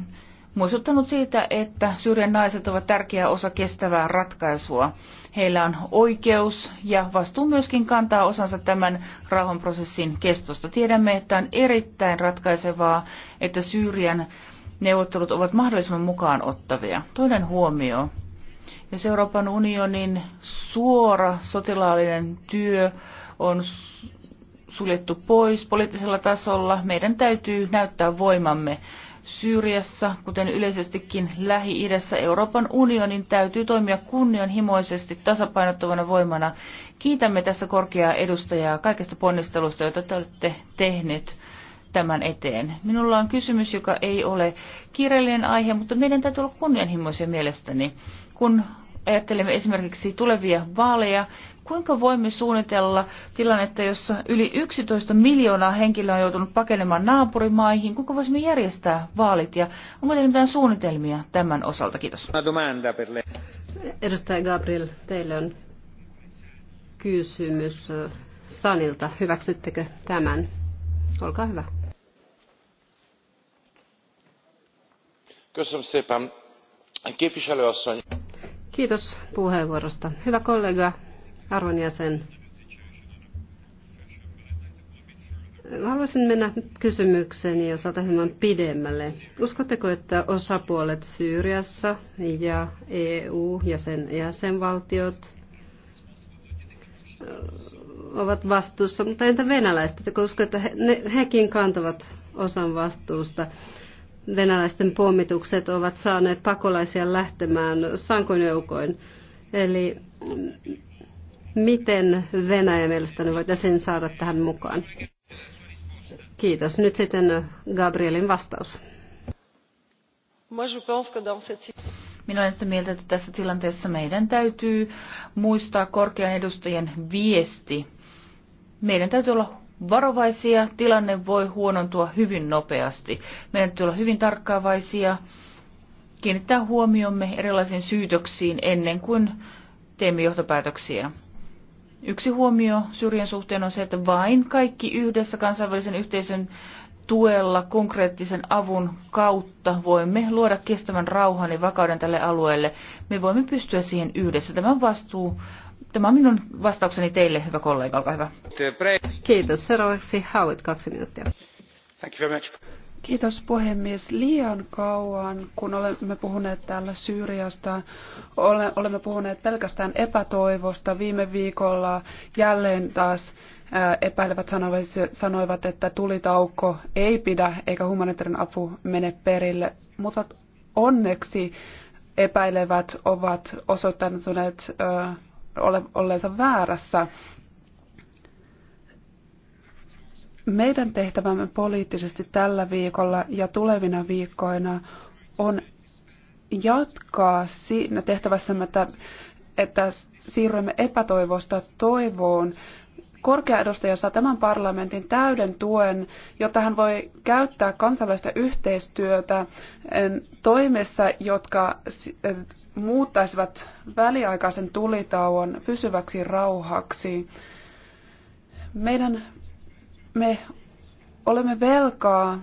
muistuttanut siitä, että Syyrian naiset ovat tärkeä osa kestävää ratkaisua. Heillä on oikeus ja vastuu myöskin kantaa osansa tämän rauhanprosessin kestosta. Tiedämme, että on erittäin ratkaisevaa, että Syyrian neuvottelut ovat mahdollisimman mukaan ottavia. Toinen huomio. Jos Euroopan unionin suora sotilaallinen työ on suljettu pois poliittisella tasolla, meidän täytyy näyttää voimamme Syyriassa, kuten yleisestikin Lähi-idässä, Euroopan unionin täytyy toimia kunnianhimoisesti tasapainottavana voimana. Kiitämme tässä korkeaa edustajaa kaikesta ponnistelusta, jota te olette tehnyt tämän eteen. Minulla on kysymys, joka ei ole kiireellinen aihe, mutta meidän täytyy olla kunnianhimoisia mielestäni. Kun ajattelemme esimerkiksi tulevia vaaleja, Kuinka voimme suunnitella tilannetta, jossa yli 11 miljoonaa henkilöä on joutunut pakenemaan naapurimaihin? Kuinka voisimme järjestää vaalit ja onko teillä mitään suunnitelmia tämän osalta? Kiitos. Edustaja Gabriel, teille on kysymys äh, Sanilta. Hyväksyttekö tämän? Olkaa hyvä. Kiitos puheenvuorosta. Hyvä kollega, Arvon jäsen, haluaisin mennä kysymykseni, jos otetaan hieman pidemmälle. Uskotteko, että osapuolet Syyriassa ja EU ja sen jäsenvaltiot ovat vastuussa, mutta entä venäläiset? Ettekö usko, että he, ne, hekin kantavat osan vastuusta? Venäläisten pommitukset ovat saaneet pakolaisia lähtemään sankoin joukoin. Eli mm, miten Venäjä mielestäni voitaisiin saada tähän mukaan? Kiitos. Nyt sitten Gabrielin vastaus. Minä olen sitä mieltä, että tässä tilanteessa meidän täytyy muistaa korkean edustajien viesti. Meidän täytyy olla varovaisia, tilanne voi huonontua hyvin nopeasti. Meidän täytyy olla hyvin tarkkaavaisia, kiinnittää huomiomme erilaisiin syytöksiin ennen kuin teemme johtopäätöksiä. Yksi huomio syrjän suhteen on se, että vain kaikki yhdessä kansainvälisen yhteisön tuella konkreettisen avun kautta voimme luoda kestävän rauhan ja vakauden tälle alueelle. Me voimme pystyä siihen yhdessä. Tämä vastuu Tämä on minun vastaukseni teille, hyvä kollega, olkaa hyvä. Kiitos. Seuraavaksi Howard, kaksi minuuttia. Kiitos puhemies. Liian kauan, kun olemme puhuneet täällä Syyriasta, olemme puhuneet pelkästään epätoivosta. Viime viikolla jälleen taas epäilevät sanoivat, että tulitaukko ei pidä eikä humanitaarinen apu mene perille. Mutta onneksi epäilevät ovat osoittaneet olleensa väärässä. Meidän tehtävämme poliittisesti tällä viikolla ja tulevina viikkoina on jatkaa siinä tehtävässämme, että, että siirrymme epätoivosta toivoon. Korkea edustaja saa tämän parlamentin täyden tuen, jotta hän voi käyttää kansainvälistä yhteistyötä toimessa, jotka e, muuttaisivat väliaikaisen tulitauon pysyväksi rauhaksi. Meidän me olemme velkaa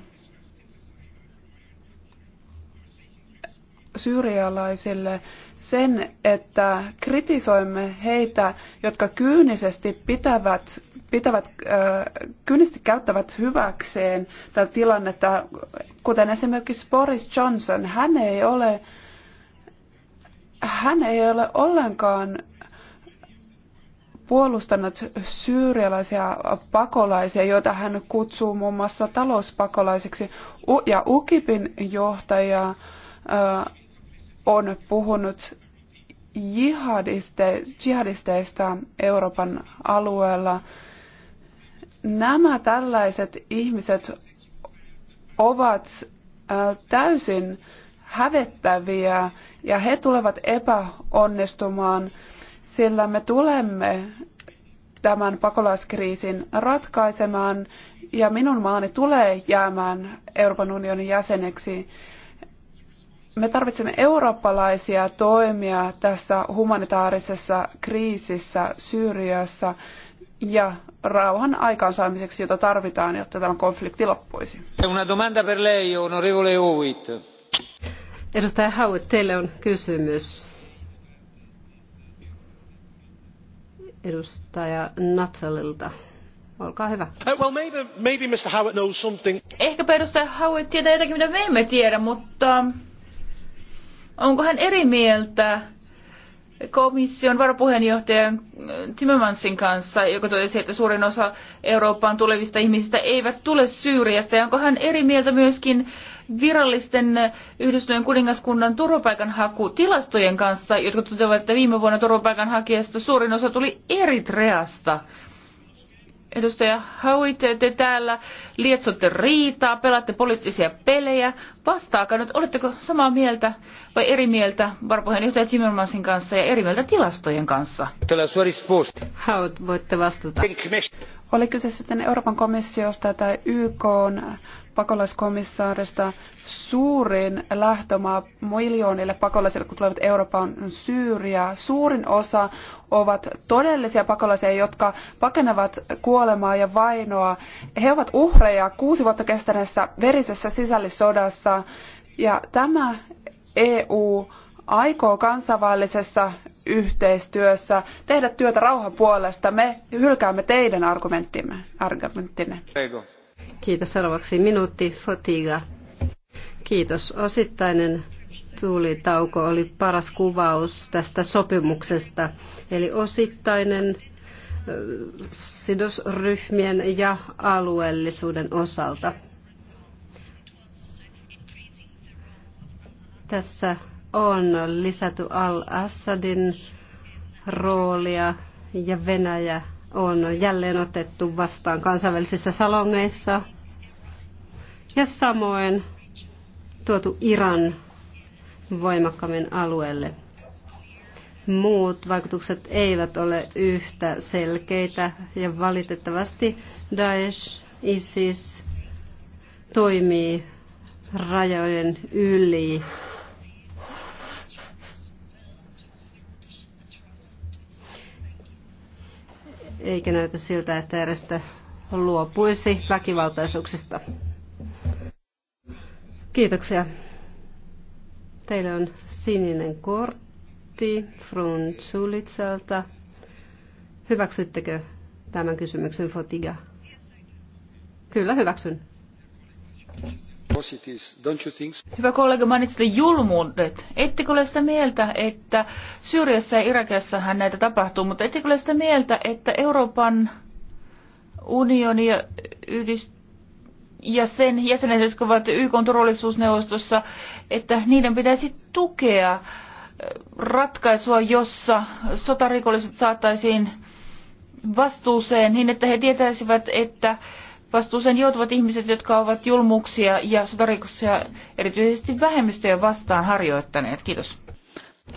syyrialaisille sen, että kritisoimme heitä, jotka kyynisesti pitävät, pitävät äh, kyynisesti käyttävät hyväkseen tätä tilannetta, kuten esimerkiksi Boris Johnson. Hän ei ole, hän ei ole ollenkaan puolustanut syyrialaisia pakolaisia, joita hän kutsuu muun mm. muassa talouspakolaisiksi. Ja UKIPin johtaja on puhunut jihadisteista Euroopan alueella. Nämä tällaiset ihmiset ovat täysin hävettäviä ja he tulevat epäonnistumaan sillä me tulemme tämän pakolaiskriisin ratkaisemaan ja minun maani tulee jäämään Euroopan unionin jäseneksi. Me tarvitsemme eurooppalaisia toimia tässä humanitaarisessa kriisissä Syyriassa ja rauhan aikaansaamiseksi, jota tarvitaan, jotta tämä konflikti loppuisi. Una domanda per lei, onorevole Edustaja Howitt, teille on kysymys. edustaja Nuttallilta. Olkaa hyvä. Uh, well, maybe, maybe Mr. Howard knows something. Ehkä edustaja Howard tietää jotakin, mitä me emme tiedä, mutta onko hän eri mieltä komission varapuheenjohtajan äh, Timmermansin kanssa, joka totesi, että suurin osa Eurooppaan tulevista ihmisistä eivät tule Syyriasta. Ja onko hän eri mieltä myöskin virallisten eh, yhdistyneen kuningaskunnan turvapaikanhakutilastojen kanssa, jotka toteavat, että viime vuonna turvapaikanhakijasta suurin osa tuli Eritreasta. Edustaja Hauit, te täällä lietsotte riitaa, pelaatte poliittisia pelejä. Vastaakaa nyt, oletteko samaa mieltä vai eri mieltä varpuheenjohtaja Timmermansin kanssa ja eri mieltä tilastojen kanssa? Haut, voitte vastata. Oli kyse sitten Euroopan komissiosta tai YK pakolaiskomissaarista. Suurin lähtömaa miljoonille pakolaisille, kun tulevat Euroopan Syyriä. Suurin osa ovat todellisia pakolaisia, jotka pakenevat kuolemaa ja vainoa. He ovat uhreja kuusi vuotta kestäneessä verisessä sisällissodassa. Ja tämä EU aikoo kansainvälisessä yhteistyössä tehdä työtä rauhan puolesta. Me hylkäämme teidän argumenttinne. Kiitos. Seuraavaksi minuutti Fotiga. Kiitos. Osittainen tuulitauko oli paras kuvaus tästä sopimuksesta. Eli osittainen sidosryhmien ja alueellisuuden osalta. Tässä on lisätty Al-Assadin roolia ja Venäjä on jälleen otettu vastaan kansainvälisissä salongeissa ja samoin tuotu Iran voimakkaammin alueelle. Muut vaikutukset eivät ole yhtä selkeitä ja valitettavasti Daesh, ISIS toimii rajojen yli eikä näytä siltä, että järjestö luopuisi väkivaltaisuuksista. Kiitoksia. Teille on sininen kortti Frun Zulitsalta. Hyväksyttekö tämän kysymyksen Fotiga? Kyllä, hyväksyn. Hyvä kollega, mainitsitte julmuudet. Ettekö ole sitä mieltä, että Syyriassa ja Irakissahan näitä tapahtuu, mutta ettekö ole sitä mieltä, että Euroopan unioni ja, yhdist- ja sen jäsenet, jotka ovat YK turvallisuusneuvostossa, että niiden pitäisi tukea äh, ratkaisua, jossa sotarikolliset saataisiin vastuuseen niin, että he tietäisivät, että Vastuuseen joutuvat ihmiset, jotka ovat julmuuksia ja sotarikoksia erityisesti vähemmistöjä vastaan harjoittaneet. Kiitos.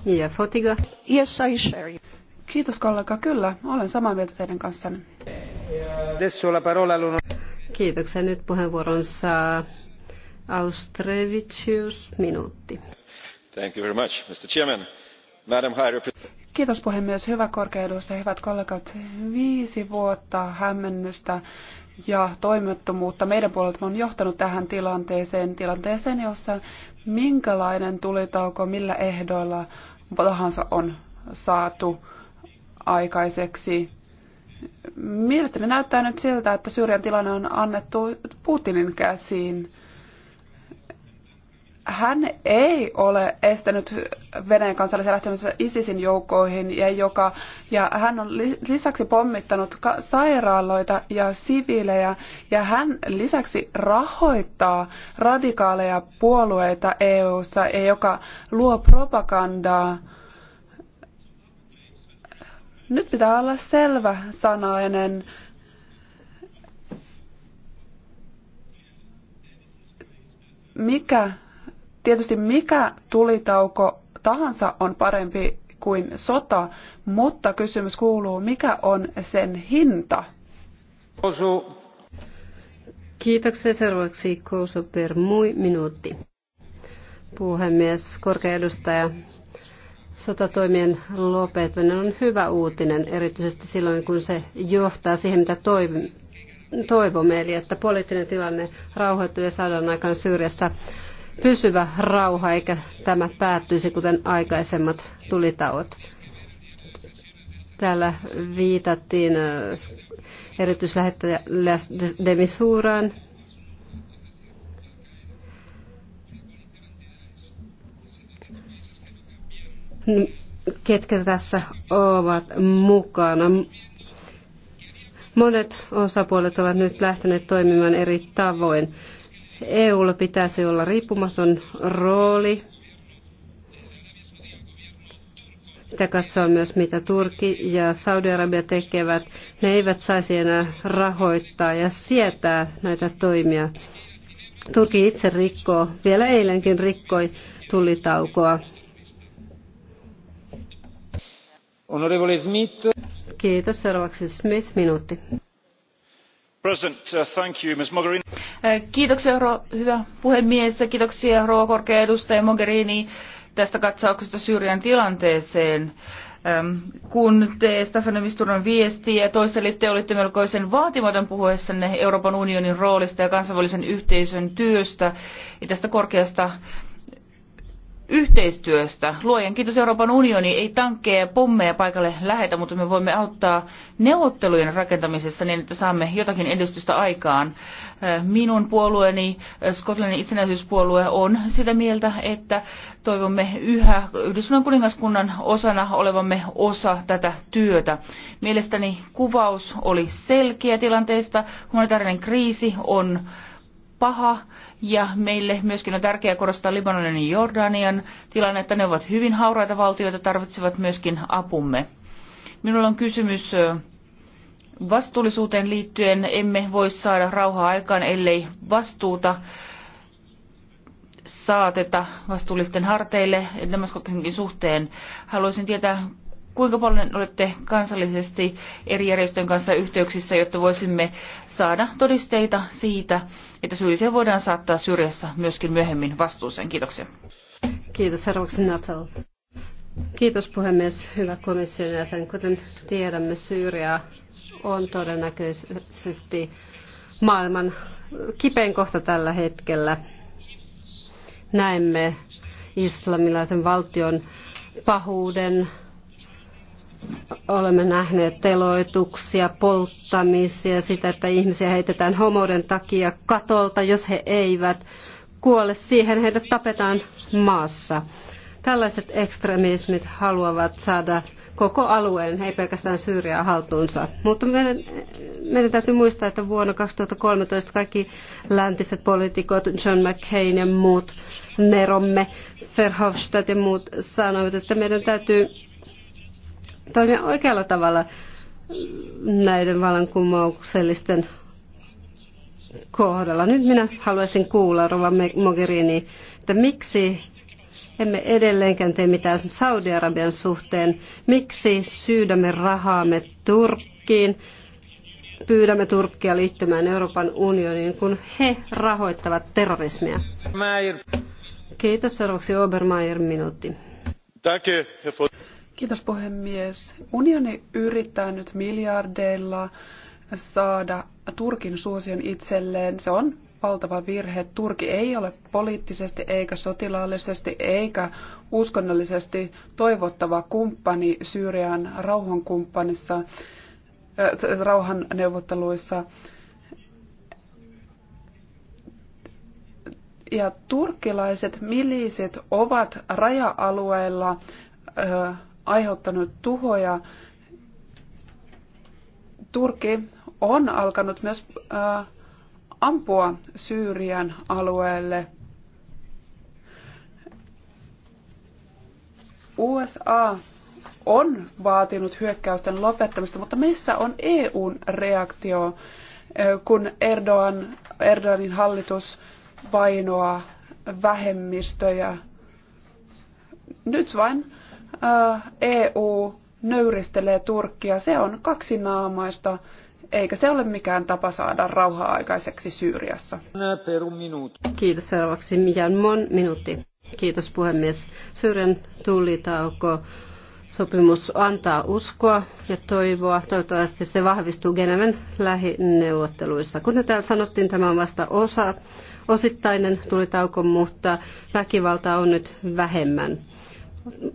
Ja Fotiga. Yes, I share you. Kiitos kollega, kyllä, olen samaa mieltä teidän kanssanne. Kiitoksia. Nyt puheenvuoron saa Austrevicius, minuutti. Thank you very much, Mr. Chairman. Madam High Representative. Kiitos puhemies. Hyvä korkeudusta, hyvät kollegat. Viisi vuotta hämmennystä ja toimettomuutta meidän puolelta on johtanut tähän tilanteeseen, tilanteeseen, jossa minkälainen tulitauko millä ehdoilla tahansa on saatu aikaiseksi. Mielestäni näyttää nyt siltä, että Syyrian tilanne on annettu Putinin käsiin hän ei ole estänyt Venäjän kansallisia lähtemistä ISISin joukkoihin ja, joka, ja hän on lisäksi pommittanut sairaaloita ja siviilejä ja hän lisäksi rahoittaa radikaaleja puolueita EU:ssa ja joka luo propagandaa. Nyt pitää olla selvä sanainen. Mikä Tietysti mikä tulitauko tahansa on parempi kuin sota, mutta kysymys kuuluu, mikä on sen hinta? Osu. Kiitoksia seuraavaksi Kousu per mui minuutti. Puhemies, korkea edustaja, sotatoimien lopettaminen on hyvä uutinen, erityisesti silloin kun se johtaa siihen, mitä toivomme, eli että poliittinen tilanne rauhoittuu ja saadaan aikaan syrjässä pysyvä rauha, eikä tämä päättyisi kuten aikaisemmat tulitauot. Täällä viitattiin erityislähettäjä de Ketkä tässä ovat mukana? Monet osapuolet ovat nyt lähteneet toimimaan eri tavoin. EUlla pitäisi olla riippumaton rooli. Pitää katsoa myös, mitä Turkki ja Saudi-Arabia tekevät. Ne eivät saisi enää rahoittaa ja sietää näitä toimia. Turkki itse rikkoo, vielä eilenkin rikkoi tulitaukoa. Honorable Smith. Kiitos. Seuraavaksi Smith, minuutti. Uh, äh, kiitoksia, puhemies, kiitoksia rouva korkea edustaja Mogherini tästä katsauksesta Syyrian tilanteeseen. Ähm, kun te de misturan viestiä toistelitte, olitte melkoisen vaatimaton puhuessanne Euroopan unionin roolista ja kansainvälisen yhteisön työstä ja tästä korkeasta yhteistyöstä. Luojan kiitos Euroopan unioni ei tankkeja ja pommeja paikalle lähetä, mutta me voimme auttaa neuvottelujen rakentamisessa niin, että saamme jotakin edistystä aikaan. Äh, minun puolueeni, äh, Skotlannin itsenäisyyspuolue, on sitä mieltä, että toivomme yhä Yhdysvallan kuningaskunnan osana olevamme osa tätä työtä. Mielestäni kuvaus oli selkeä tilanteesta. Humanitaarinen kriisi on paha ja meille myöskin on tärkeää korostaa Libanonin ja Jordanian tilannetta. Ne ovat hyvin hauraita valtioita, tarvitsevat myöskin apumme. Minulla on kysymys vastuullisuuteen liittyen. Emme voi saada rauhaa aikaan, ellei vastuuta saateta vastuullisten harteille Damaskoksenkin suhteen. Haluaisin tietää, kuinka paljon olette kansallisesti eri järjestöjen kanssa yhteyksissä, jotta voisimme saada todisteita siitä, että syyllisiä voidaan saattaa syrjässä myöskin myöhemmin vastuuseen. Kiitoksia. Kiitos, seuraavaksi Natal. Kiitos puhemies, hyvä komission jäsen. Kuten tiedämme, Syyria on todennäköisesti maailman kipein kohta tällä hetkellä. Näemme islamilaisen valtion pahuuden, olemme nähneet teloituksia, polttamisia, sitä, että ihmisiä heitetään homouden takia katolta, jos he eivät kuole siihen, heidät tapetaan maassa. Tällaiset ekstremismit haluavat saada koko alueen, ei pelkästään Syyriaa haltuunsa. Mutta meidän, meidän täytyy muistaa, että vuonna 2013 kaikki läntiset poliitikot, John McCain ja muut, Neromme, Verhofstadt ja muut sanoivat, että meidän täytyy toimia oikealla tavalla näiden vallankumouksellisten kohdalla. Nyt minä haluaisin kuulla, Rova Mogherini, että miksi emme edelleenkään tee mitään Saudi-Arabian suhteen. Miksi syydämme rahaamme Turkkiin, pyydämme Turkkia liittymään Euroopan unioniin, kun he rahoittavat terrorismia? Kiitos, seuraavaksi Obermeier, minuutti. Danke, Herr Kiitos puhemies. Unioni yrittää nyt miljardeilla saada Turkin suosion itselleen. Se on valtava virhe. Turki ei ole poliittisesti eikä sotilaallisesti eikä uskonnollisesti toivottava kumppani Syyrian rauhankumppanissa, äh, rauhanneuvotteluissa. Ja turkkilaiset milisit ovat raja-alueilla äh, aiheuttanut tuhoja. Turkki on alkanut myös ampua Syyrian alueelle. USA on vaatinut hyökkäysten lopettamista, mutta missä on EUn reaktio, kun Erdogan, Erdoganin hallitus vainoaa vähemmistöjä? Nyt vain Äh, EU nöyristelee Turkkia. Se on kaksinaamaista, eikä se ole mikään tapa saada rauhaa aikaiseksi Syyriassa. Kiitos seuraavaksi Mian Mon minuutti. Kiitos puhemies. Syyrian tullitauko sopimus antaa uskoa ja toivoa. Toivottavasti se vahvistuu Geneven lähineuvotteluissa. Kuten täällä sanottiin, tämä on vasta osa, osittainen tulitauko, mutta väkivaltaa on nyt vähemmän.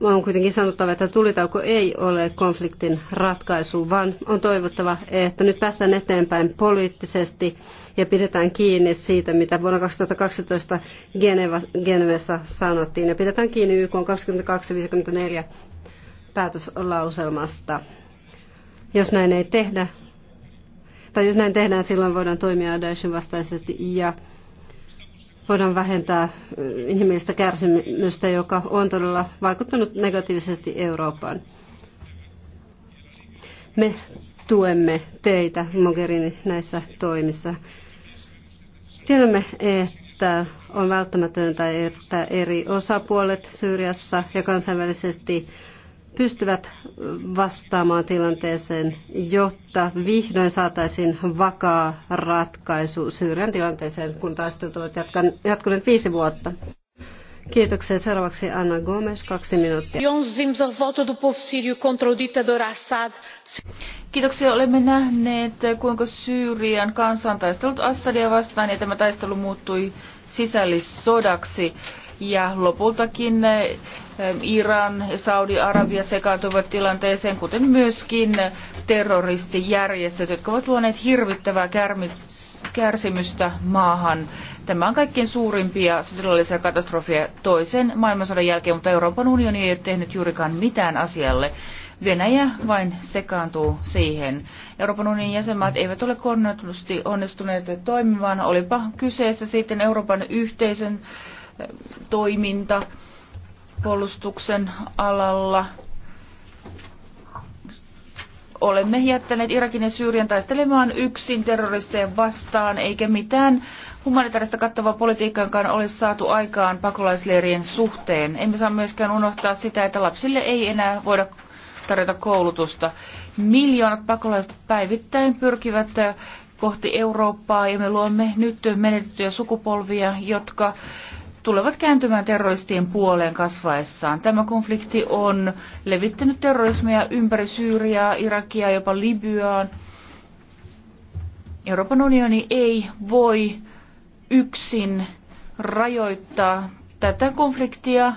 Mä on kuitenkin sanottava, että tulitauko ei ole konfliktin ratkaisu, vaan on toivottava, että nyt päästään eteenpäin poliittisesti ja pidetään kiinni siitä, mitä vuonna 2012 Geneva, Genevessä sanottiin. Ja pidetään kiinni YK 2254 päätöslauselmasta. Jos näin ei tehdä, tai jos näin tehdään, silloin voidaan toimia Daeshin vastaisesti ja voidaan vähentää inhimillistä kärsimystä, joka on todella vaikuttanut negatiivisesti Eurooppaan. Me tuemme teitä, Mogherini, näissä toimissa. Tiedämme, että on välttämätöntä, että eri osapuolet Syyriassa ja kansainvälisesti pystyvät vastaamaan tilanteeseen, jotta vihdoin saataisiin vakaa ratkaisu Syyrian tilanteeseen, kun taistelut ovat jatkuneet viisi vuotta. Kiitoksia. Seuraavaksi Anna Gomes, kaksi minuuttia. Kiitoksia. Olemme nähneet, kuinka Syyrian kansa on taistellut Assadia vastaan ja tämä taistelu muuttui sisällissodaksi ja lopultakin eh, Iran ja Saudi-Arabia sekaantuivat tilanteeseen, kuten myöskin terroristijärjestöt, jotka ovat luoneet hirvittävää kärsimystä maahan. Tämä on kaikkein suurimpia sotilaallisia katastrofeja toisen maailmansodan jälkeen, mutta Euroopan unioni ei ole tehnyt juurikaan mitään asialle. Venäjä vain sekaantuu siihen. Euroopan unionin jäsenmaat eivät ole koordinoitusti onnistuneet toimimaan, olipa kyseessä sitten Euroopan yhteisön toiminta puolustuksen alalla. Olemme jättäneet Irakin ja Syyrian taistelemaan yksin terroristeja vastaan, eikä mitään humanitaarista kattavaa politiikkaankaan ole saatu aikaan pakolaisleirien suhteen. Emme saa myöskään unohtaa sitä, että lapsille ei enää voida tarjota koulutusta. Miljoonat pakolaiset päivittäin pyrkivät kohti Eurooppaa ja me luomme nyt menetettyjä sukupolvia, jotka tulevat kääntymään terroristien puoleen kasvaessaan. Tämä konflikti on levittänyt terrorismia ympäri Syyriaa, Irakia, jopa Libyaan. Euroopan unioni ei voi yksin rajoittaa tätä konfliktia,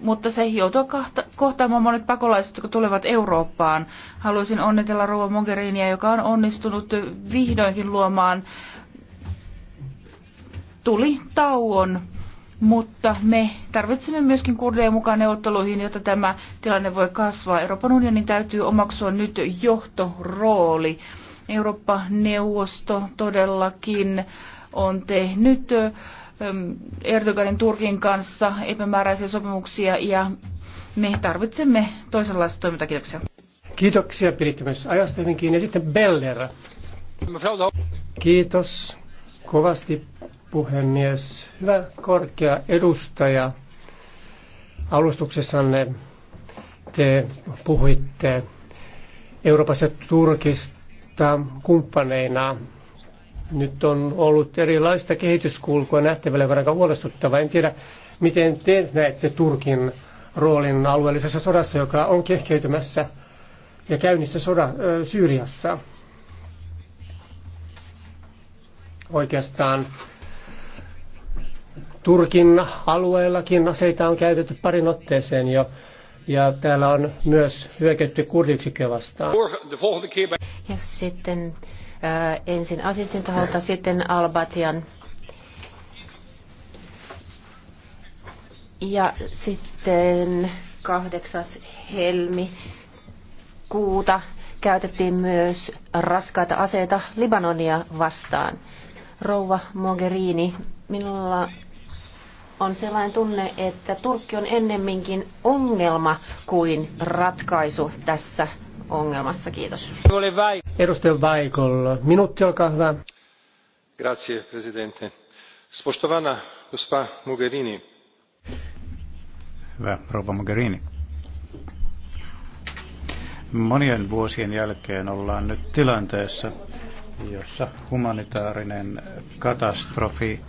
mutta se joutuu kohtaamaan monet pakolaiset, jotka tulevat Eurooppaan. Haluaisin onnitella Rouva Mogherinia, joka on onnistunut vihdoinkin luomaan tuli tauon, mutta me tarvitsemme myöskin kurdeja mukaan neuvotteluihin, jotta tämä tilanne voi kasvaa. Euroopan unionin täytyy omaksua nyt johtorooli. Eurooppa-neuvosto todellakin on tehnyt ähm, Erdoganin Turkin kanssa epämääräisiä sopimuksia ja me tarvitsemme toisenlaista toimintaa. Kiitoksia. Kiitoksia myös ajasta kiinni. Ja sitten Beller. Kiitos kovasti puhemies. Hyvä korkea edustaja, alustuksessanne te puhuitte Euroopassa Turkista kumppaneina. Nyt on ollut erilaista kehityskulkua ja aika huolestuttava. En tiedä, miten te näette Turkin roolin alueellisessa sodassa, joka on kehkeytymässä ja käynnissä soda, ö, Syyriassa. Oikeastaan Turkin alueellakin aseita on käytetty parin otteeseen jo. Ja täällä on myös hyökätty kurdiyksikkö vastaan. Ja sitten äh, ensin Asisin taholta, sitten Albatian. Ja sitten 8. helmikuuta käytettiin myös raskaita aseita Libanonia vastaan. Rouva Mogherini, minulla on sellainen tunne, että Turkki on ennemminkin ongelma kuin ratkaisu tässä ongelmassa. Kiitos. Edustaja Vaikolla. Minuutti, olkaa hyvä. Grazie, presidente. Spostovana, gospa Mogherini. Hyvä, rouva Mogherini. Monien vuosien jälkeen ollaan nyt tilanteessa, jossa humanitaarinen katastrofi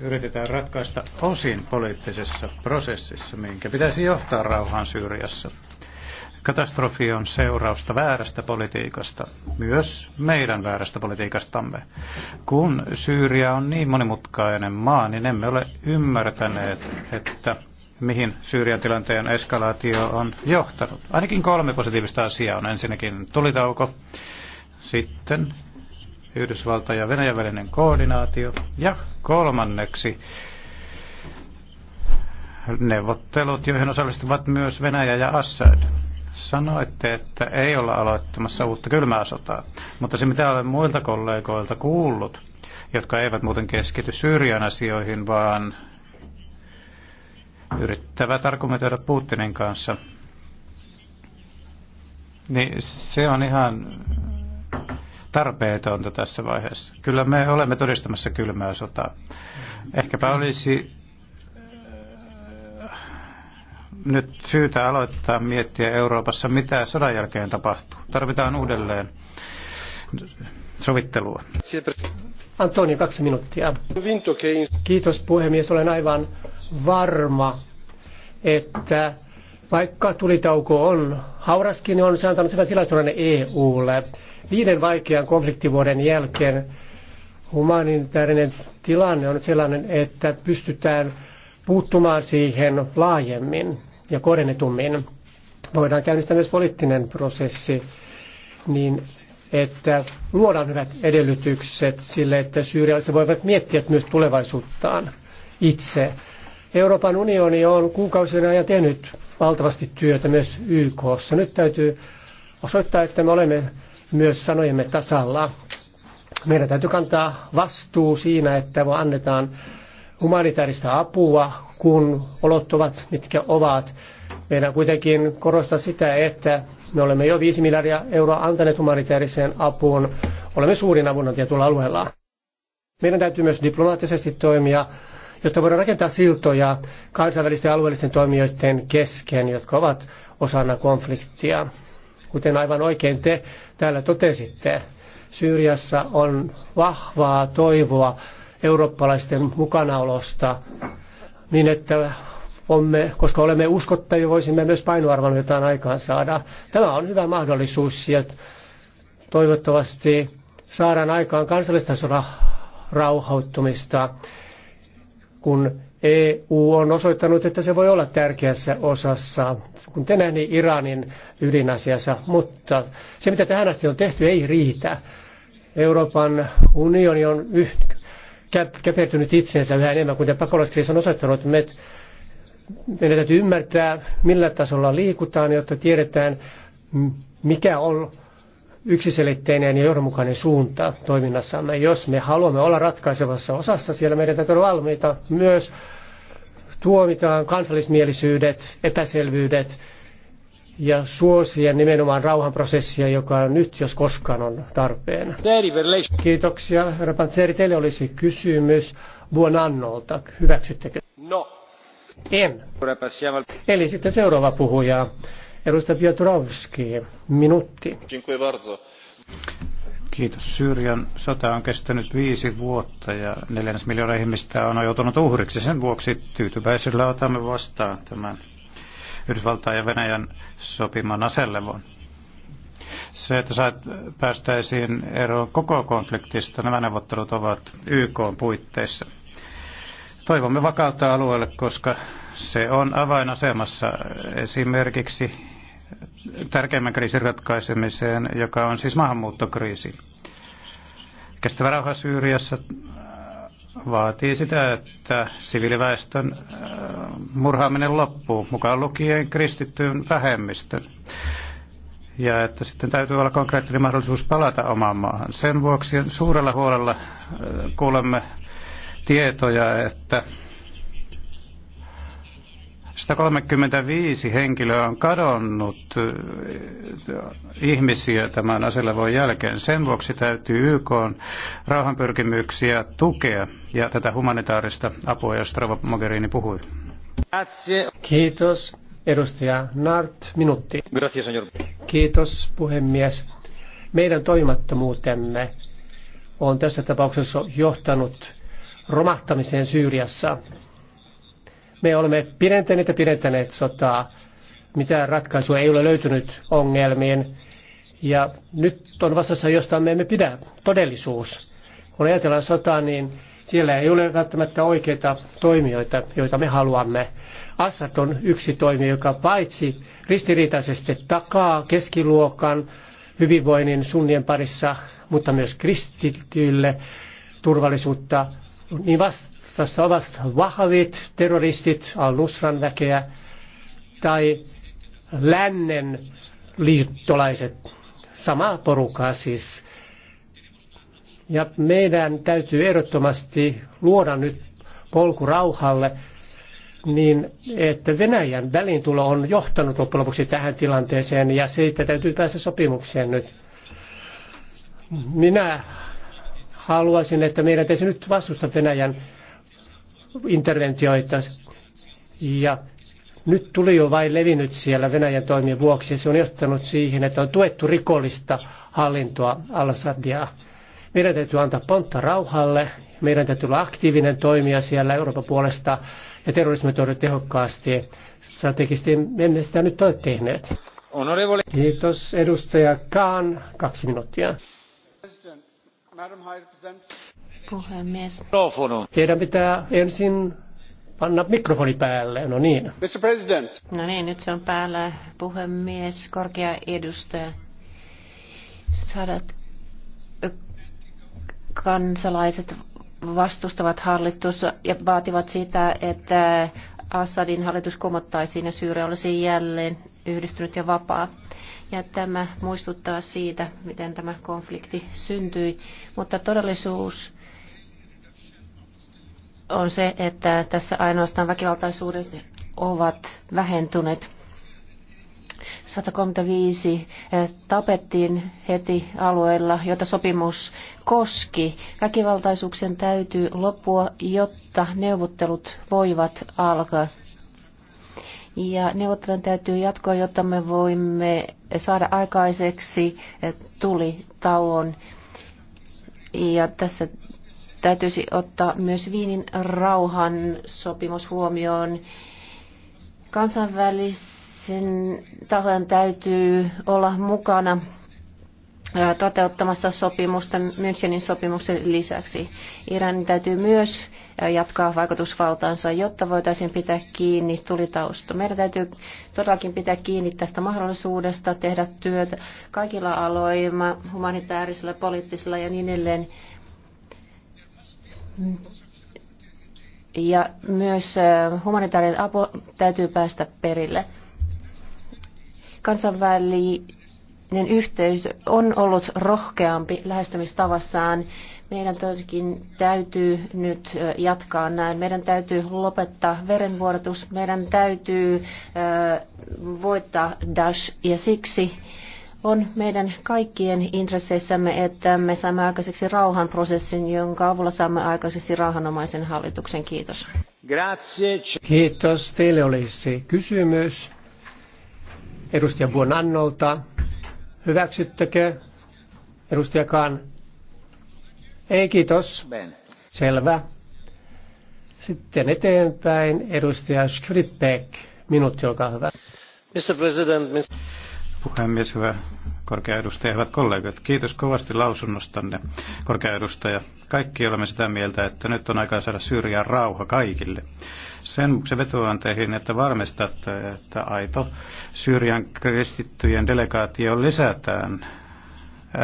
yritetään ratkaista osin poliittisessa prosessissa, minkä pitäisi johtaa rauhaan Syyriassa. Katastrofi on seurausta väärästä politiikasta, myös meidän väärästä politiikastamme. Kun Syyria on niin monimutkainen maa, niin emme ole ymmärtäneet, että mihin Syyrian tilanteen eskalaatio on johtanut. Ainakin kolme positiivista asiaa on ensinnäkin tulitauko, sitten Yhdysvaltain ja Venäjän välinen koordinaatio. Ja kolmanneksi neuvottelut, joihin osallistuvat myös Venäjä ja Assad. Sanoitte, että ei olla aloittamassa uutta kylmää sotaa, mutta se mitä olen muilta kollegoilta kuullut, jotka eivät muuten keskity Syyrian asioihin, vaan yrittävät argumentoida Putinin kanssa, niin se on ihan tarpeetonta tässä vaiheessa. Kyllä me olemme todistamassa kylmää sotaa. Ehkäpä olisi äh, nyt syytä aloittaa miettiä Euroopassa, mitä sodan jälkeen tapahtuu. Tarvitaan uudelleen sovittelua. Antoni, kaksi minuuttia. Kiitos puhemies. Olen aivan varma, että vaikka tulitauko on hauraskin, niin on se antanut hyvän tilaisuuden EUlle viiden vaikean konfliktivuoden jälkeen humanitaarinen tilanne on sellainen, että pystytään puuttumaan siihen laajemmin ja kohdennetummin. Voidaan käynnistää myös poliittinen prosessi niin, että luodaan hyvät edellytykset sille, että syyrialaiset voivat miettiä myös tulevaisuuttaan itse. Euroopan unioni on kuukausien ajan tehnyt valtavasti työtä myös YKssa. Nyt täytyy osoittaa, että me olemme myös sanojemme tasalla. Meidän täytyy kantaa vastuu siinä, että annetaan humanitaarista apua, kun olot ovat mitkä ovat. Meidän kuitenkin korostaa sitä, että me olemme jo 5 miljardia euroa antaneet humanitaariseen apuun. Olemme suurin avunantaja tuolla alueella. Meidän täytyy myös diplomaattisesti toimia, jotta voidaan rakentaa siltoja kansainvälisten ja alueellisten toimijoiden kesken, jotka ovat osana konfliktia kuten aivan oikein te täällä totesitte. Syyriassa on vahvaa toivoa eurooppalaisten mukanaolosta, niin että Omme, koska olemme uskottavia, voisimme myös painoarvon jotain aikaan saada. Tämä on hyvä mahdollisuus ja toivottavasti saadaan aikaan kansallistasolla rauhoittumista, kun EU on osoittanut, että se voi olla tärkeässä osassa, kun te niin Iranin ydinasiassa, mutta se mitä tähän asti on tehty ei riitä. Euroopan unioni on yh- käpertynyt itseensä yhä enemmän, kuten pakolaiskriisi on osoittanut. Me, meidän täytyy ymmärtää, millä tasolla liikutaan, jotta tiedetään, mikä on yksiselitteinen ja johdonmukainen suunta toiminnassamme. Jos me haluamme olla ratkaisevassa osassa, siellä meidän täytyy olla valmiita myös tuomitaan kansallismielisyydet, epäselvyydet ja suosia nimenomaan rauhanprosessia, joka nyt jos koskaan on tarpeen. Kiitoksia. Herra Pantseri, teille olisi kysymys Buonannolta. Hyväksyttekö? No. En. Eli sitten seuraava puhuja minuutti. Kiitos. Syyrian sota on kestänyt viisi vuotta ja neljännes miljoona ihmistä on joutunut uhriksi. Sen vuoksi tyytyväisyydellä otamme vastaan tämän Yhdysvaltain ja Venäjän sopiman aselevon. Se, että saat, päästäisiin eroon koko konfliktista, nämä neuvottelut ovat YK puitteissa. Toivomme vakautta alueelle, koska se on avainasemassa esimerkiksi tärkeimmän kriisin ratkaisemiseen, joka on siis maahanmuuttokriisi. Kestävä rauha Syyriassa äh, vaatii sitä, että siviiliväestön äh, murhaaminen loppuu, mukaan lukien kristittyyn vähemmistön. Ja että sitten täytyy olla konkreettinen mahdollisuus palata omaan maahan. Sen vuoksi suurella huolella äh, kuulemme tietoja, että 135 henkilöä on kadonnut eh, ihmisiä tämän aselevon jälkeen. Sen vuoksi täytyy YK rauhanpyrkimyksiä tukea ja tätä humanitaarista apua, josta Rova Mogherini puhui. Kiitos. Edustaja Nart, minuutti. Gracias, señor. Kiitos, puhemies. Meidän toimimattomuutemme on tässä tapauksessa johtanut romahtamiseen Syyriassa. Me olemme pidentäneet ja pidentäneet sotaa. Mitään ratkaisua ei ole löytynyt ongelmiin. Ja nyt on vastassa, josta me emme pidä, todellisuus. Kun ajatellaan sotaa, niin siellä ei ole välttämättä oikeita toimijoita, joita me haluamme. Assad on yksi toimija, joka paitsi ristiriitaisesti takaa keskiluokan hyvinvoinnin sunnien parissa, mutta myös kristityille turvallisuutta, niin vasta vastassa ovat vahvit terroristit, al-Nusran väkeä, tai lännen liittolaiset, samaa porukka siis. Ja meidän täytyy ehdottomasti luoda nyt polku rauhalle, niin että Venäjän välintulo on johtanut loppujen lopuksi tähän tilanteeseen ja siitä täytyy päästä sopimukseen nyt. Minä haluaisin, että meidän täytyy nyt vastusta Venäjän interventioita. Ja nyt tuli jo vain levinnyt siellä Venäjän toimien vuoksi ja se on johtanut siihen, että on tuettu rikollista hallintoa Al-Assadia. Meidän täytyy antaa pontta rauhalle, meidän täytyy olla aktiivinen toimija siellä Euroopan puolesta ja terrorismi torjua tehokkaasti. Strategisesti emme sitä nyt ole tehneet. Honorevole. Kiitos edustaja Kaan. Kaksi minuuttia puhemies. Teidän pitää ensin panna mikrofoni päälle. No niin. Mr. President. No niin, nyt se on päällä. Puhemies, korkea edustaja. Sadat kansalaiset vastustavat hallitusta ja vaativat sitä, että Assadin hallitus kumottaisiin ja Syyria olisi jälleen yhdistynyt ja vapaa. Ja tämä muistuttaa siitä, miten tämä konflikti syntyi. Mutta todellisuus on se, että tässä ainoastaan väkivaltaisuudet ovat vähentyneet. 135 eh, tapettiin heti alueella, jota sopimus koski. Väkivaltaisuuksien täytyy loppua, jotta neuvottelut voivat alkaa. Ja neuvottelun täytyy jatkoa, jotta me voimme saada aikaiseksi eh, tulitauon. Ja tässä täytyisi ottaa myös Viinin rauhan sopimus huomioon. Kansainvälisen tahojen täytyy olla mukana toteuttamassa sopimusta Münchenin sopimuksen lisäksi. Iranin täytyy myös jatkaa vaikutusvaltaansa, jotta voitaisiin pitää kiinni tulitausta. Meidän täytyy todellakin pitää kiinni tästä mahdollisuudesta tehdä työtä kaikilla aloilla, humanitaarisilla, poliittisilla ja niin edelleen, ja myös humanitaarinen apu täytyy päästä perille. Kansainvälinen yhteys on ollut rohkeampi lähestymistavassaan. Meidän toki täytyy nyt jatkaa näin. Meidän täytyy lopettaa verenvuodatus. Meidän täytyy voittaa Dash ja siksi on meidän kaikkien intresseissämme, että me saamme aikaiseksi rauhanprosessin, jonka avulla saamme aikaiseksi rauhanomaisen hallituksen. Kiitos. Grazie. Kiitos. Teille se kysymys edustaja Buonannolta. Hyväksyttekö Kahn. Ei, kiitos. Ben. Selvä. Sitten eteenpäin edustaja Skripek. Minuutti, olkaa hyvä. Mr. President, Mr puhemies, hyvä korkea edustaja, hyvät kollegat. Kiitos kovasti lausunnostanne, korkea edustaja. Kaikki olemme sitä mieltä, että nyt on aika saada syrjään rauha kaikille. Sen se vetoan teihin, että varmistatte, että aito Syyrian kristittyjen delegaatio lisätään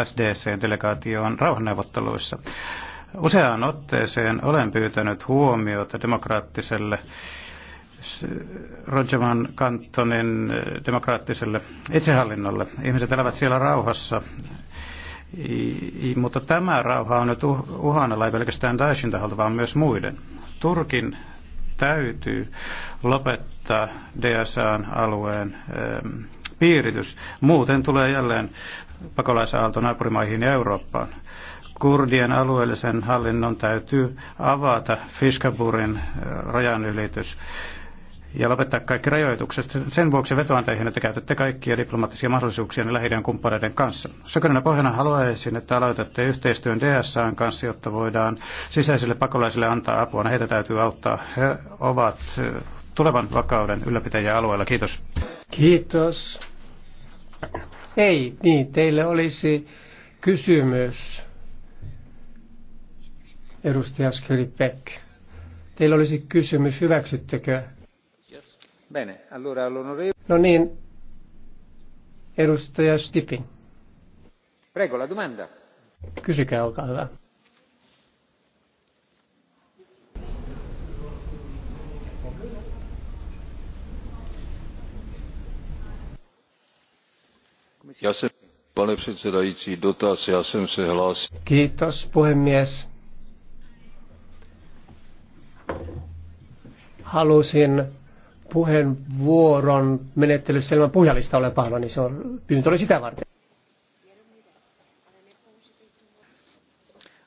SDC-delegaatioon rauhanneuvotteluissa. Useaan otteeseen olen pyytänyt huomiota demokraattiselle Rojavan kantonin eh, demokraattiselle itsehallinnolle. Ihmiset elävät siellä rauhassa, mutta tämä rauha on nyt uhanalla ei pelkästään Daeshin taholta, vaan myös muiden. Turkin täytyy lopettaa dsa alueen eh, piiritys. Muuten tulee jälleen pakolaisaalto naapurimaihin ja Eurooppaan. Kurdien alueellisen hallinnon täytyy avata Fiskaburin eh, rajanylitys ja lopettaa kaikki rajoitukset. Sen vuoksi vetoan teihin, että käytätte kaikkia diplomaattisia mahdollisuuksia lähi kumppaneiden kanssa. Sokerina pohjana haluaisin, että aloitatte yhteistyön DSAn kanssa, jotta voidaan sisäisille pakolaisille antaa apua. No, heitä täytyy auttaa. He ovat eh, tulevan vakauden ylläpitäjä alueella. Kiitos. Kiitos. Ei, niin, teille olisi kysymys, edustaja Skiri Beck. Teillä olisi kysymys, hyväksyttekö Bene, allora No niin, edustaja Stipin. Prego, la domanda. Kysykää, olkaa hyvä. Já pane předsedající, dotaz, já jsem se hlásil. Kiitos, puhemies. Halusin puheenvuoron menettelyssä ilman puhjallista olen pahalla, niin se on pyyntö oli sitä varten.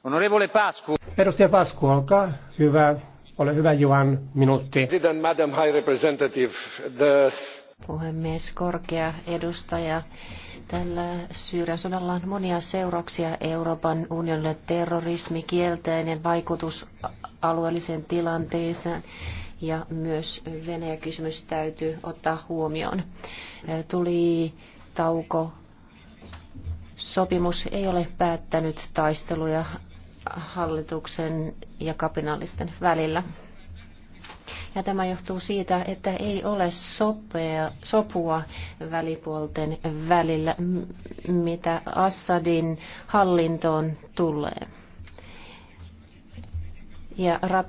Onorevole Pasku. Edustaja Pasku, olkaa hyvä. Ole hyvä, juan minuutti. Madam High Representative, the... Puhemies, korkea edustaja. Tällä Syyrian sodalla on monia seurauksia Euroopan unionille. Terrorismi, kielteinen vaikutus alueelliseen tilanteeseen ja myös Venäjä-kysymys täytyy ottaa huomioon. Tuli tauko. Sopimus ei ole päättänyt taisteluja hallituksen ja kapinallisten välillä. Ja tämä johtuu siitä, että ei ole sopea, sopua välipuolten välillä, mitä Assadin hallintoon tulee. Ja rat,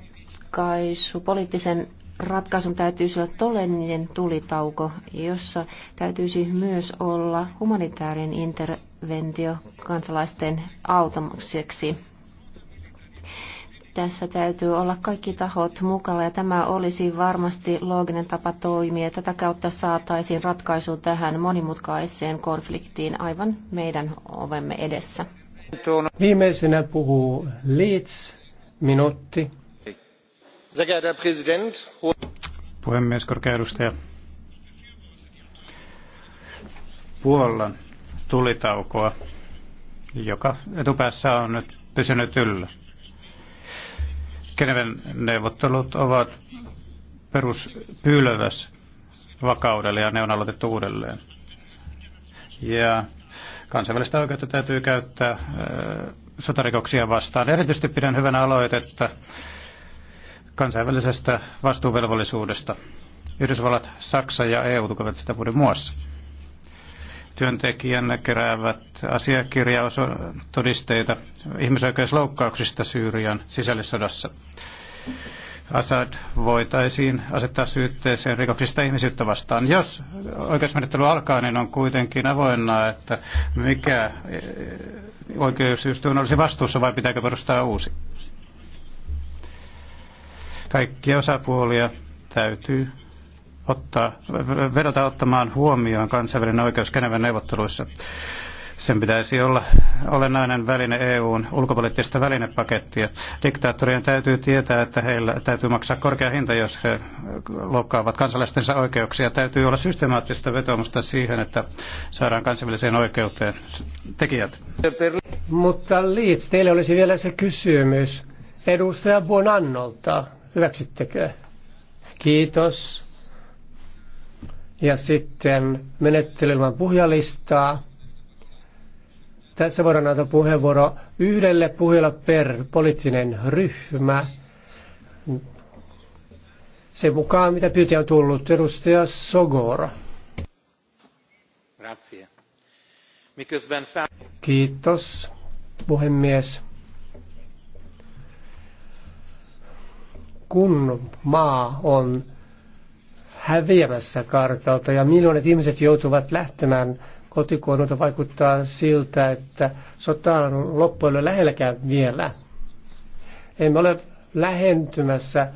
ratkaisu, poliittisen ratkaisun täytyisi olla todellinen tulitauko, jossa täytyisi myös olla humanitaarinen interventio kansalaisten automukseksi. Tässä täytyy olla kaikki tahot mukana ja tämä olisi varmasti looginen tapa toimia. Tätä kautta saataisiin ratkaisu tähän monimutkaiseen konfliktiin aivan meidän ovemme edessä. Viimeisenä puhuu Leeds, minuutti puhemies korkea edustaja puollan tulitaukoa joka etupäässä on nyt pysynyt yllä. Geneven neuvottelut ovat peruspylväs vakaudelle ja ne on aloitettu uudelleen. Ja kansainvälistä oikeutta täytyy käyttää äh, sotarikoksia vastaan. Erityisesti pidän hyvänä aloitetta kansainvälisestä vastuuvelvollisuudesta. Yhdysvallat, Saksa ja EU tukevat sitä vuoden muassa. Työntekijän keräävät asiakirjaosatodisteita ihmisoikeusloukkauksista Syyrian sisällissodassa. Assad voitaisiin asettaa syytteeseen rikoksista ihmisyyttä vastaan. Jos oikeusmenettely alkaa, niin on kuitenkin avoinna, että mikä eh, oikeusjustuun olisi vastuussa vai pitääkö perustaa uusi. Kaikkia osapuolia täytyy ottaa, vedota ottamaan huomioon kansainvälinen oikeus Geneven neuvotteluissa. Sen pitäisi olla olennainen väline EUn ulkopoliittista välinepakettia. Diktaattorien täytyy tietää, että heillä täytyy maksaa korkea hinta, jos he loukkaavat kansalaistensa oikeuksia. Täytyy olla systemaattista vetomusta siihen, että saadaan kansainväliseen oikeuteen tekijät. Mutta Liits, teille olisi vielä se kysymys edustaja Bonannolta. Hyväksyttekö? Kiitos. Ja sitten menettelemään puhujalistaa. Tässä voidaan antaa puheenvuoro yhdelle puhujalle per poliittinen ryhmä. Se mukaan, mitä pyyntiä on tullut, edustaja Sogor. Kiitos, puhemies. kun maa on häviämässä kartalta ja miljoonat ihmiset joutuvat lähtemään kotikohdalta vaikuttaa siltä, että sota on loppujen lähelläkään vielä. Emme ole lähentymässä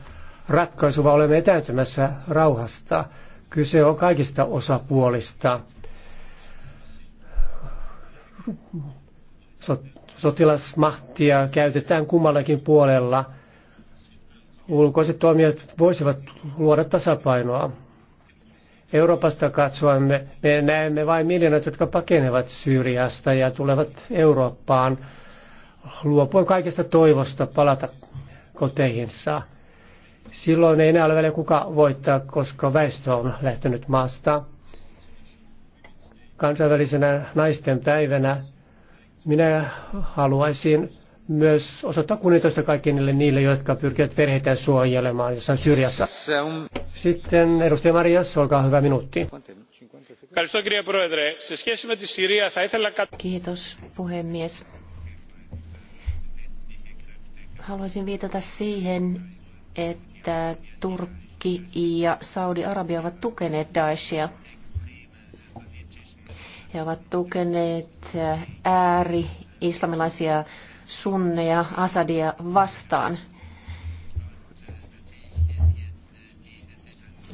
ratkaisua, olemme etäytymässä rauhasta. Kyse on kaikista osapuolista. Sotilasmahtia käytetään kummallakin puolella – ulkoiset toimijat voisivat luoda tasapainoa. Euroopasta katsoamme, me näemme vain miljoonat, jotka pakenevat Syyriasta ja tulevat Eurooppaan luopuen kaikesta toivosta palata koteihinsa. Silloin ei enää ole vielä kuka voittaa, koska väestö on lähtenyt maasta. Kansainvälisenä naisten päivänä minä haluaisin myös osoittaa kunnioitusta kaikille niille, jotka pyrkivät perheitä suojelemaan jossain syrjässä. Sitten edustaja Marias, olkaa hyvä minuutti. Kiitos puhemies. Haluaisin viitata siihen, että Turkki ja Saudi-Arabia ovat tukeneet Daeshia. He ovat tukeneet ääri-islamilaisia sunneja Asadia vastaan.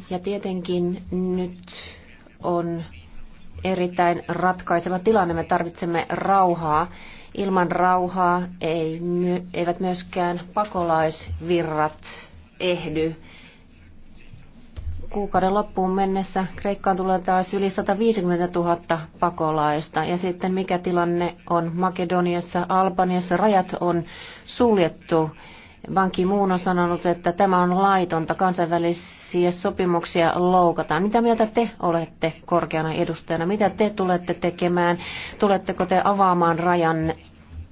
Ja tietenkin nyt on erittäin ratkaiseva tilanne. Me tarvitsemme rauhaa. Ilman rauhaa ei, eivät myöskään pakolaisvirrat ehdy kuukauden loppuun mennessä Kreikkaan tulee taas yli 150 000 pakolaista. Ja sitten mikä tilanne on Makedoniassa, Albaniassa, rajat on suljettu. Banki Muun on sanonut, että tämä on laitonta, kansainvälisiä sopimuksia loukataan. Mitä mieltä te olette korkeana edustajana? Mitä te tulette tekemään? Tuletteko te avaamaan rajan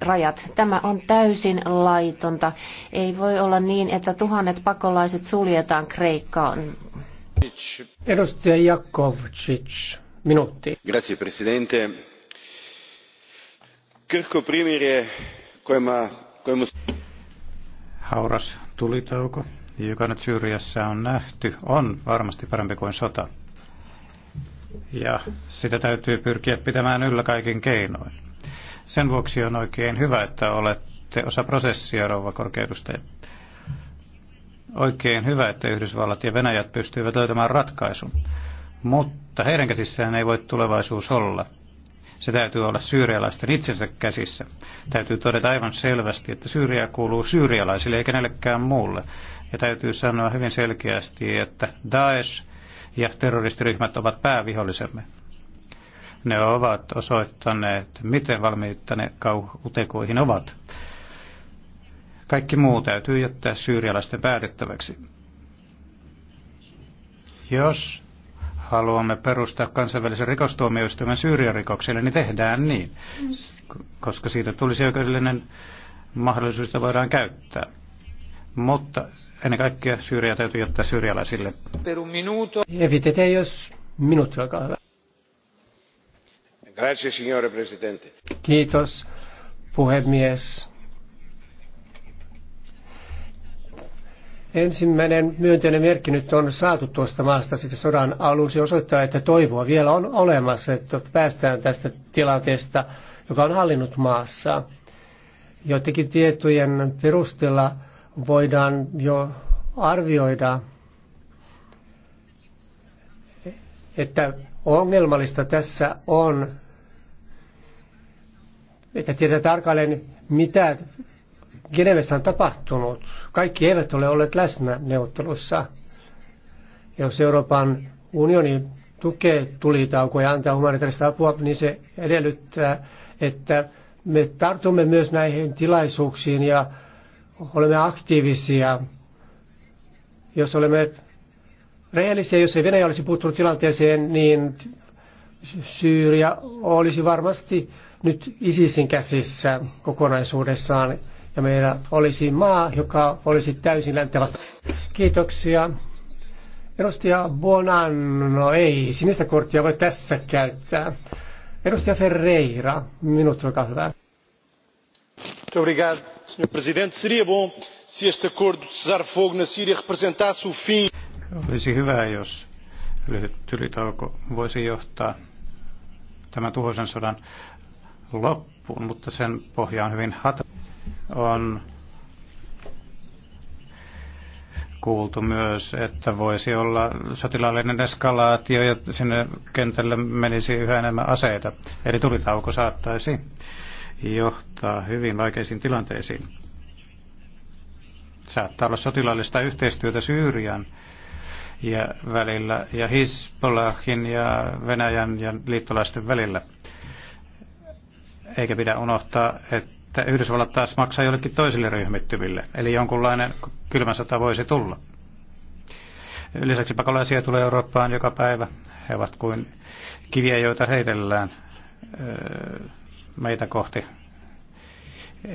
rajat. Tämä on täysin laitonta. Ei voi olla niin, että tuhannet pakolaiset suljetaan Kreikkaan. Edustaja Jakovčić, minuutti. primirje kojima, Hauras tulitauko, joka nyt Syyriassa on nähty, on varmasti parempi kuin sota. Ja sitä täytyy pyrkiä pitämään yllä kaikin keinoin. Sen vuoksi on oikein hyvä, että olette osa prosessia, rouva korkeudustaja. Oikein hyvä, että Yhdysvallat ja Venäjät pystyivät löytämään ratkaisun, mutta heidän käsissään ei voi tulevaisuus olla. Se täytyy olla syyrialaisten itsensä käsissä. Täytyy todeta aivan selvästi, että Syyria kuuluu syyrialaisille eikä kenellekään muulle. Ja täytyy sanoa hyvin selkeästi, että Daesh ja terroristiryhmät ovat päävihollisemme. Ne ovat osoittaneet, miten valmiita ne kauhutekoihin ovat. Kaikki muu täytyy jättää syyrialaisten päätettäväksi. Jos haluamme perustaa kansainvälisen rikostuomioistuimen syyriarikoksille, niin tehdään niin, koska siitä tulisi oikeudellinen mahdollisuus, jota voidaan käyttää. Mutta ennen kaikkea Syyriä täytyy jättää syyrialaisille. Per un minuto. Evitete, jos minuutti olkaa hyvä. Grazie, signore presidente. Kiitos, puhemies. Ensimmäinen myönteinen merkki nyt on saatu tuosta maasta sitten sodan alun. Se osoittaa, että toivoa vielä on olemassa, että päästään tästä tilanteesta, joka on hallinnut maassa. Joidenkin tietojen perusteella voidaan jo arvioida, että ongelmallista tässä on, että tiedetään tarkalleen, mitä Genevessä on tapahtunut. Kaikki eivät ole olleet läsnä neuvottelussa. Jos Euroopan unioni tukee tulitaukoja ja antaa humanitaarista apua, niin se edellyttää, että me tartumme myös näihin tilaisuuksiin ja olemme aktiivisia. Jos olemme rehellisiä, jos ei Venäjä olisi puuttunut tilanteeseen, niin Syyria olisi varmasti nyt ISISin käsissä kokonaisuudessaan ja meillä olisi maa, joka olisi täysin länttä Kiitoksia. Edustaja Bonan, no ei, sinistä korttia voi tässä käyttää. Edustaja Ferreira, minut olkaa hyvä. Olisi hyvä, jos lyhyt tylitauko voisi johtaa tämän tuhoisen sodan loppuun, mutta sen pohja on hyvin hatara on kuultu myös, että voisi olla sotilaallinen eskalaatio ja sinne kentälle menisi yhä enemmän aseita. Eli tulitauko saattaisi johtaa hyvin vaikeisiin tilanteisiin. Saattaa olla sotilaallista yhteistyötä Syyrian ja välillä ja Hisbollahin ja Venäjän ja liittolaisten välillä. Eikä pidä unohtaa, että että Yhdysvallat taas maksaa jollekin toisille ryhmittyville, eli jonkunlainen kylmä sota voisi tulla. Lisäksi pakolaisia tulee Eurooppaan joka päivä. He ovat kuin kiviä, joita heitellään meitä kohti.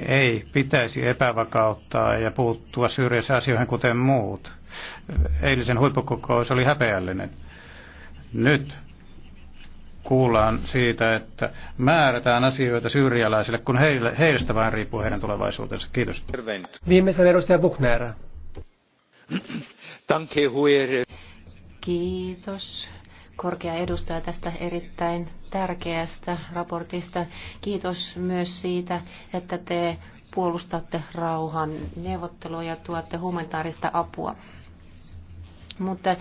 Ei pitäisi epävakauttaa ja puuttua syrjäisiin asioihin kuten muut. Eilisen huippukokous oli häpeällinen. Nyt kuullaan siitä, että määrätään asioita syyrialaisille, kun heille, heistä vain riippuu heidän tulevaisuutensa. Kiitos. Viimeisen edustaja Buchner. Kiitos korkea edustaja tästä erittäin tärkeästä raportista. Kiitos myös siitä, että te puolustatte rauhan neuvottelua ja tuotte humanitaarista apua mutta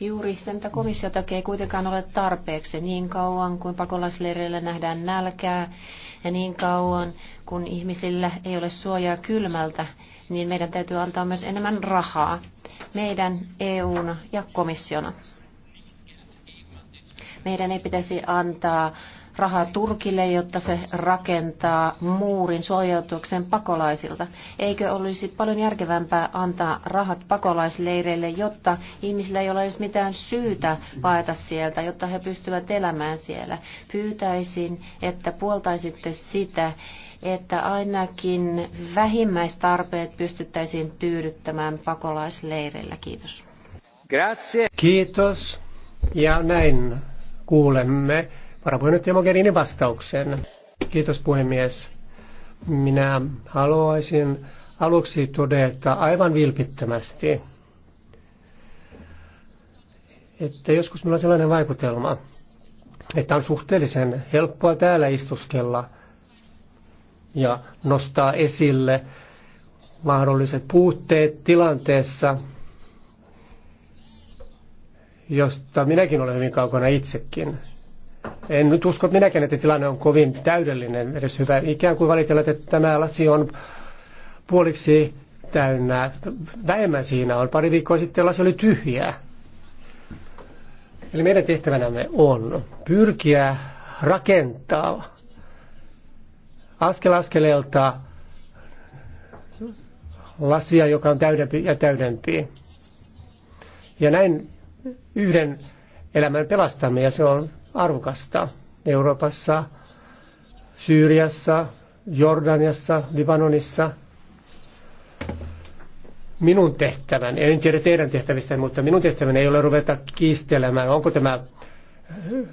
juuri se, mitä komissio takia ei kuitenkaan ole tarpeeksi. Niin kauan kuin pakolaisleireillä nähdään nälkää ja niin kauan kun ihmisillä ei ole suojaa kylmältä, niin meidän täytyy antaa myös enemmän rahaa meidän EUn ja komissiona. Meidän ei pitäisi antaa rahaa Turkille, jotta se rakentaa muurin suojautuakseen pakolaisilta. Eikö olisi paljon järkevämpää antaa rahat pakolaisleireille, jotta ihmisillä ei ole edes mitään syytä paeta sieltä, jotta he pystyvät elämään siellä? Pyytäisin, että puoltaisitte sitä, että ainakin vähimmäistarpeet pystyttäisiin tyydyttämään pakolaisleireillä. Kiitos. Grazie. Kiitos. Ja näin kuulemme varapuheenjohtaja Mogherinin vastauksen. Kiitos puhemies. Minä haluaisin aluksi todeta aivan vilpittömästi, että joskus minulla on sellainen vaikutelma, että on suhteellisen helppoa täällä istuskella ja nostaa esille mahdolliset puutteet tilanteessa, josta minäkin olen hyvin kaukana itsekin. En nyt usko että minäkään, että tilanne on kovin täydellinen, edes hyvä. Ikään kuin valitellaan, että tämä lasi on puoliksi täynnä. Vähemmän siinä on. Pari viikkoa sitten lasi oli tyhjää. Eli meidän tehtävänämme on pyrkiä rakentaa askel askeleelta lasia, joka on täydempi ja täydempi. Ja näin yhden elämän pelastamme, ja se on arvokasta. Euroopassa, Syyriassa, Jordaniassa, Libanonissa. Minun tehtävän. en tiedä teidän tehtävistä, mutta minun tehtäväni ei ole ruveta kiistelemään, onko tämä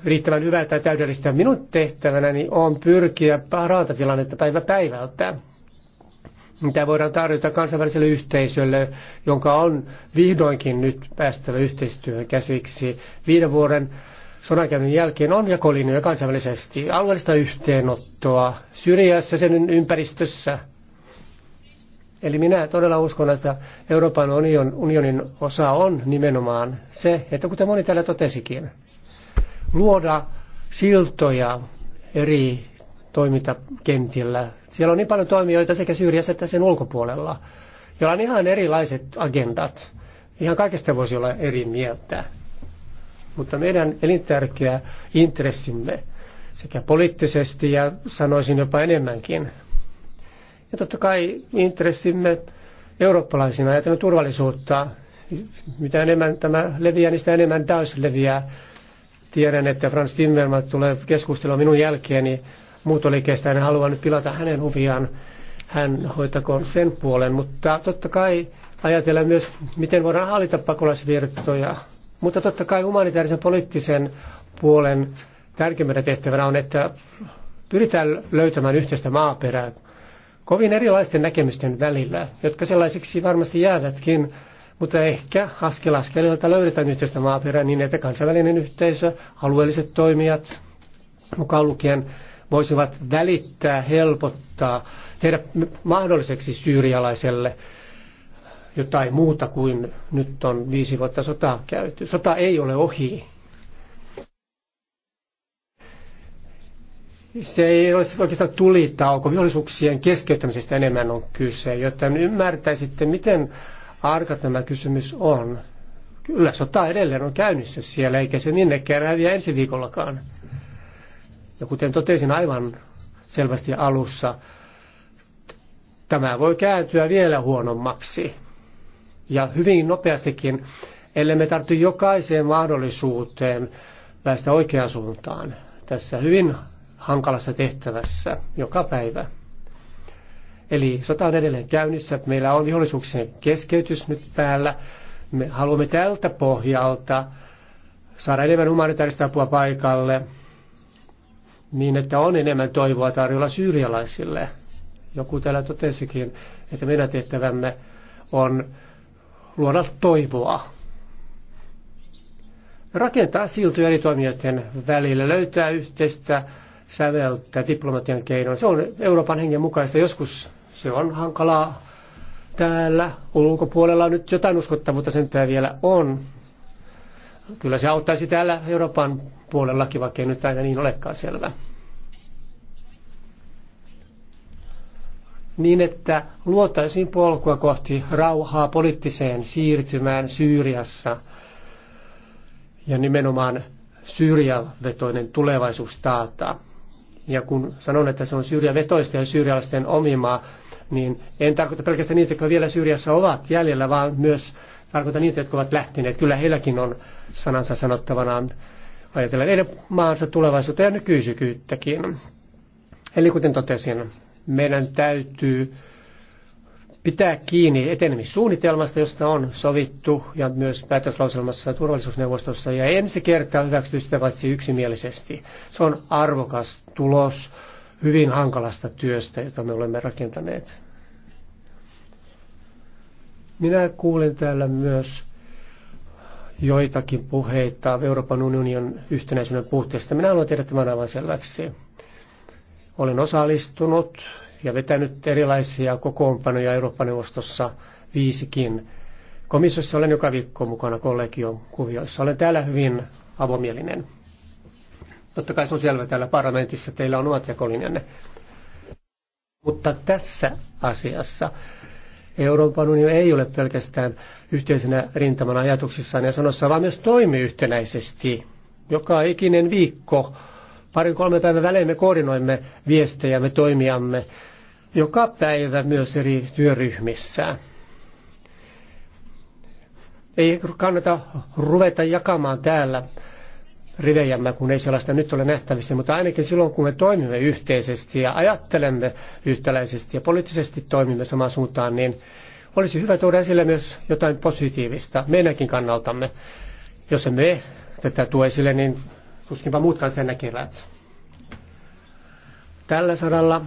riittävän hyvä tai täydellistä. Minun tehtävänäni on pyrkiä parantamaan tilannetta päivä päivältä mitä voidaan tarjota kansainväliselle yhteisölle, jonka on vihdoinkin nyt päästävä yhteistyöhön käsiksi. Viiden vuoden sodankäynnin jälkeen on jakolinjoja kansainvälisesti, alueellista yhteenottoa syrjässä sen ympäristössä. Eli minä todella uskon, että Euroopan union, unionin osa on nimenomaan se, että kuten moni täällä totesikin, luoda siltoja eri toimintakentillä. Siellä on niin paljon toimijoita sekä Syyriassa että sen ulkopuolella, joilla on ihan erilaiset agendat. Ihan kaikesta voisi olla eri mieltä mutta meidän elintärkeä intressimme sekä poliittisesti ja sanoisin jopa enemmänkin. Ja totta kai intressimme eurooppalaisina ajatella turvallisuutta. Mitä enemmän tämä leviää, niin sitä enemmän Daesh leviää. Tiedän, että Franz Timmermans tulee keskustelua minun jälkeeni muutoliikkeestä. En halua nyt pilata hänen huviaan. Hän hoitakoon sen puolen, mutta totta kai ajatella myös, miten voidaan hallita pakolaisvirtoja mutta totta kai humanitaarisen poliittisen puolen tärkeimmänä tehtävänä on, että pyritään löytämään yhteistä maaperää kovin erilaisten näkemysten välillä, jotka sellaisiksi varmasti jäävätkin, mutta ehkä askel askeleelta löydetään yhteistä maaperää niin, että kansainvälinen yhteisö, alueelliset toimijat, mukaan lukien voisivat välittää, helpottaa, tehdä mahdolliseksi syyrialaiselle jotain muuta kuin nyt on viisi vuotta sotaa käyty. Sota ei ole ohi. Se ei ole oikeastaan tulitauko. Vihollisuuksien keskeyttämisestä enemmän on kyse, joten ymmärtäisitte, miten arka tämä kysymys on. Kyllä sota edelleen on käynnissä siellä, eikä se minnekään häviä ensi viikollakaan. Ja kuten totesin aivan selvästi alussa, tämä voi kääntyä vielä huonommaksi ja hyvin nopeastikin, ellei me tarttu jokaiseen mahdollisuuteen päästä oikeaan suuntaan tässä hyvin hankalassa tehtävässä joka päivä. Eli sota on edelleen käynnissä, meillä on vihollisuuksien keskeytys nyt päällä. Me haluamme tältä pohjalta saada enemmän humanitaarista apua paikalle, niin että on enemmän toivoa tarjolla syyrialaisille. Joku täällä totesikin, että meidän tehtävämme on luoda toivoa. Rakentaa siltoja eri toimijoiden välillä, löytää yhteistä säveltä diplomatian keinoin. Se on Euroopan hengen mukaista. Joskus se on hankalaa täällä. Ulkopuolella nyt jotain uskottavuutta sen vielä on. Kyllä se auttaisi täällä Euroopan puolellakin, vaikka ei nyt aina niin olekaan selvä. niin, että luotaisiin polkua kohti rauhaa poliittiseen siirtymään Syyriassa ja nimenomaan syrjävetoinen tulevaisuus taataa. Ja kun sanon, että se on syrjävetoista ja syyrialaisten omimaa, niin en tarkoita pelkästään niitä, jotka vielä Syyriassa ovat jäljellä, vaan myös tarkoitan niitä, jotka ovat lähteneet. Kyllä heilläkin on sanansa sanottavanaan ajatellen maansa tulevaisuutta ja nykyisyyttäkin. Eli kuten totesin, meidän täytyy pitää kiinni etenemissuunnitelmasta, josta on sovittu, ja myös päätöslauselmassa turvallisuusneuvostossa, ja ensi kertaa hyväksytty sitä paitsi yksimielisesti. Se on arvokas tulos hyvin hankalasta työstä, jota me olemme rakentaneet. Minä kuulin täällä myös joitakin puheita Euroopan unionin yhtenäisyyden puutteesta. Minä haluan tehdä tämän aivan selväksi. Olen osallistunut ja vetänyt erilaisia kokoonpanoja Eurooppa-neuvostossa viisikin. Komissiossa olen joka viikko mukana kollegion kuvioissa. Olen täällä hyvin avomielinen. Totta kai se on selvä täällä parlamentissa, teillä on omat jakolinjanne. Mutta tässä asiassa Euroopan unioni ei ole pelkästään yhteisenä rintamana ajatuksissaan ja sanossa, vaan myös toimii yhtenäisesti. Joka ikinen viikko Parin kolme päivän välein me koordinoimme viestejämme, toimijamme joka päivä myös eri työryhmissä. Ei kannata ruveta jakamaan täällä rivejämme, kun ei sellaista nyt ole nähtävissä, mutta ainakin silloin, kun me toimimme yhteisesti ja ajattelemme yhtäläisesti ja poliittisesti toimimme samaan suuntaan, niin olisi hyvä tuoda esille myös jotain positiivista meidänkin kannaltamme. Jos emme tätä tuo esille, niin Tuskinpa muutkaan sen näkevät. Tällä saralla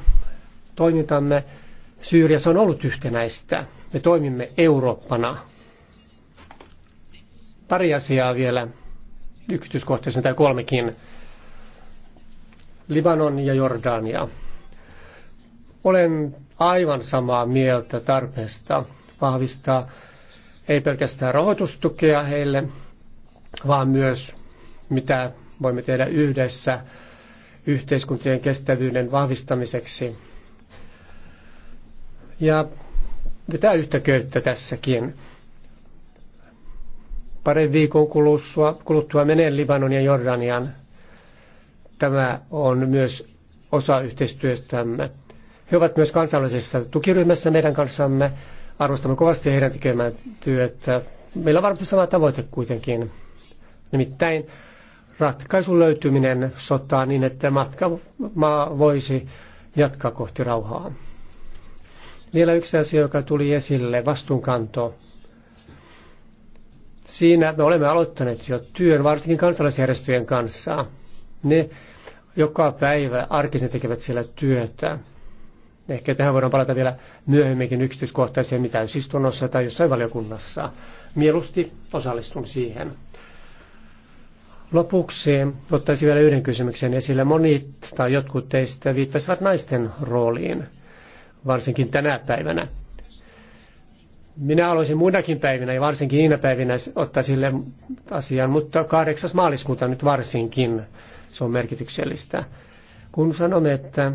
toimintamme Syyriassa on ollut yhtenäistä. Me toimimme Eurooppana. Pari asiaa vielä yksityiskohtaisen tai kolmekin. Libanon ja Jordania. Olen aivan samaa mieltä tarpeesta vahvistaa ei pelkästään rahoitustukea heille, vaan myös mitä voimme tehdä yhdessä yhteiskuntien kestävyyden vahvistamiseksi. Ja vetää yhtä köyttä tässäkin. Parin viikon kuluttua, kuluttua menen Libanon ja Jordanian. Tämä on myös osa yhteistyöstämme. He ovat myös kansallisessa tukiryhmässä meidän kanssamme. Arvostamme kovasti heidän tekemään työtä. Meillä on varmasti sama tavoite kuitenkin. Nimittäin ratkaisun löytyminen sotaan niin, että matka, maa voisi jatkaa kohti rauhaa. Vielä yksi asia, joka tuli esille, vastuunkanto. Siinä me olemme aloittaneet jo työn, varsinkin kansalaisjärjestöjen kanssa. Ne joka päivä arkisin tekevät siellä työtä. Ehkä tähän voidaan palata vielä myöhemminkin yksityiskohtaiseen mitä täysistunnossa tai jossain valiokunnassa. Mieluusti osallistun siihen. Lopuksi ottaisin vielä yhden kysymyksen esille. Monit tai jotkut teistä viittasivat naisten rooliin, varsinkin tänä päivänä. Minä haluaisin muinakin päivinä ja varsinkin niinä päivinä ottaa sille asian, mutta 8. maaliskuuta nyt varsinkin se on merkityksellistä. Kun sanomme, että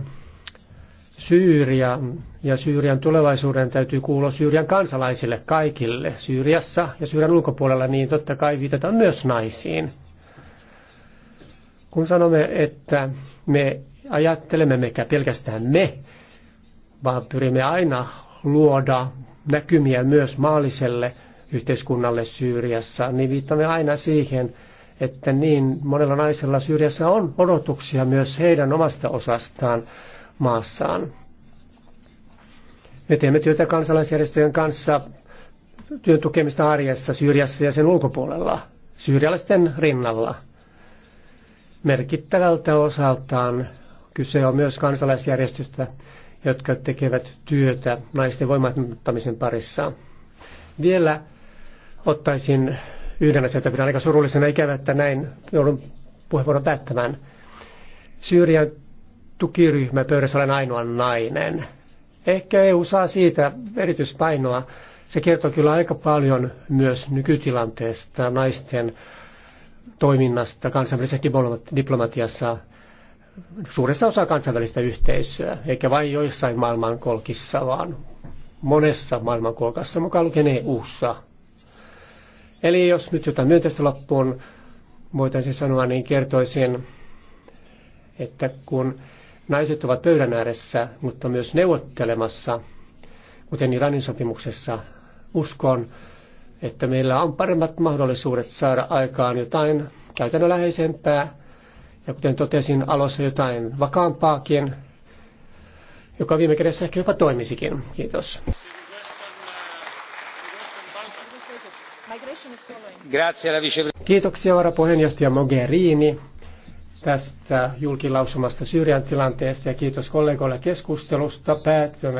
Syyria ja Syyrian tulevaisuuden täytyy kuulua Syyrian kansalaisille kaikille Syyriassa ja Syyrian ulkopuolella, niin totta kai viitataan myös naisiin. Kun sanomme, että me ajattelemme mekä pelkästään me, vaan pyrimme aina luoda näkymiä myös maalliselle yhteiskunnalle Syyriassa, niin viittamme aina siihen, että niin monella naisella Syyriassa on odotuksia myös heidän omasta osastaan maassaan. Me teemme työtä kansalaisjärjestöjen kanssa työn tukemista arjessa Syyriassa ja sen ulkopuolella, syyrialaisten rinnalla – merkittävältä osaltaan kyse on myös kansalaisjärjestöstä, jotka tekevät työtä naisten voimattamisen parissa. Vielä ottaisin yhden asian, jota pidän aika surullisena ikävä, että näin joudun puheenvuoron päättämään. Syyrian tukiryhmä pöydässä olen ainoa nainen. Ehkä EU saa siitä erityispainoa. Se kertoo kyllä aika paljon myös nykytilanteesta naisten toiminnasta kansainvälisessä diplomatiassa suuressa osa kansainvälistä yhteisöä, eikä vain joissain maailmankolkissa, vaan monessa maailmankolkassa, mukaan lukien EU-ssa. Eli jos nyt jotain myönteistä loppuun voitaisiin sanoa, niin kertoisin, että kun naiset ovat pöydän ääressä, mutta myös neuvottelemassa, kuten Iranin sopimuksessa, uskon, että meillä on paremmat mahdollisuudet saada aikaan jotain käytännönläheisempää ja kuten totesin alussa jotain vakaampaakin, joka viime kädessä ehkä jopa toimisikin. Kiitos. Kiitoksia varapuheenjohtaja Mogherini tästä julkilausumasta Syyrian tilanteesta ja kiitos kollegoille keskustelusta. Päättymme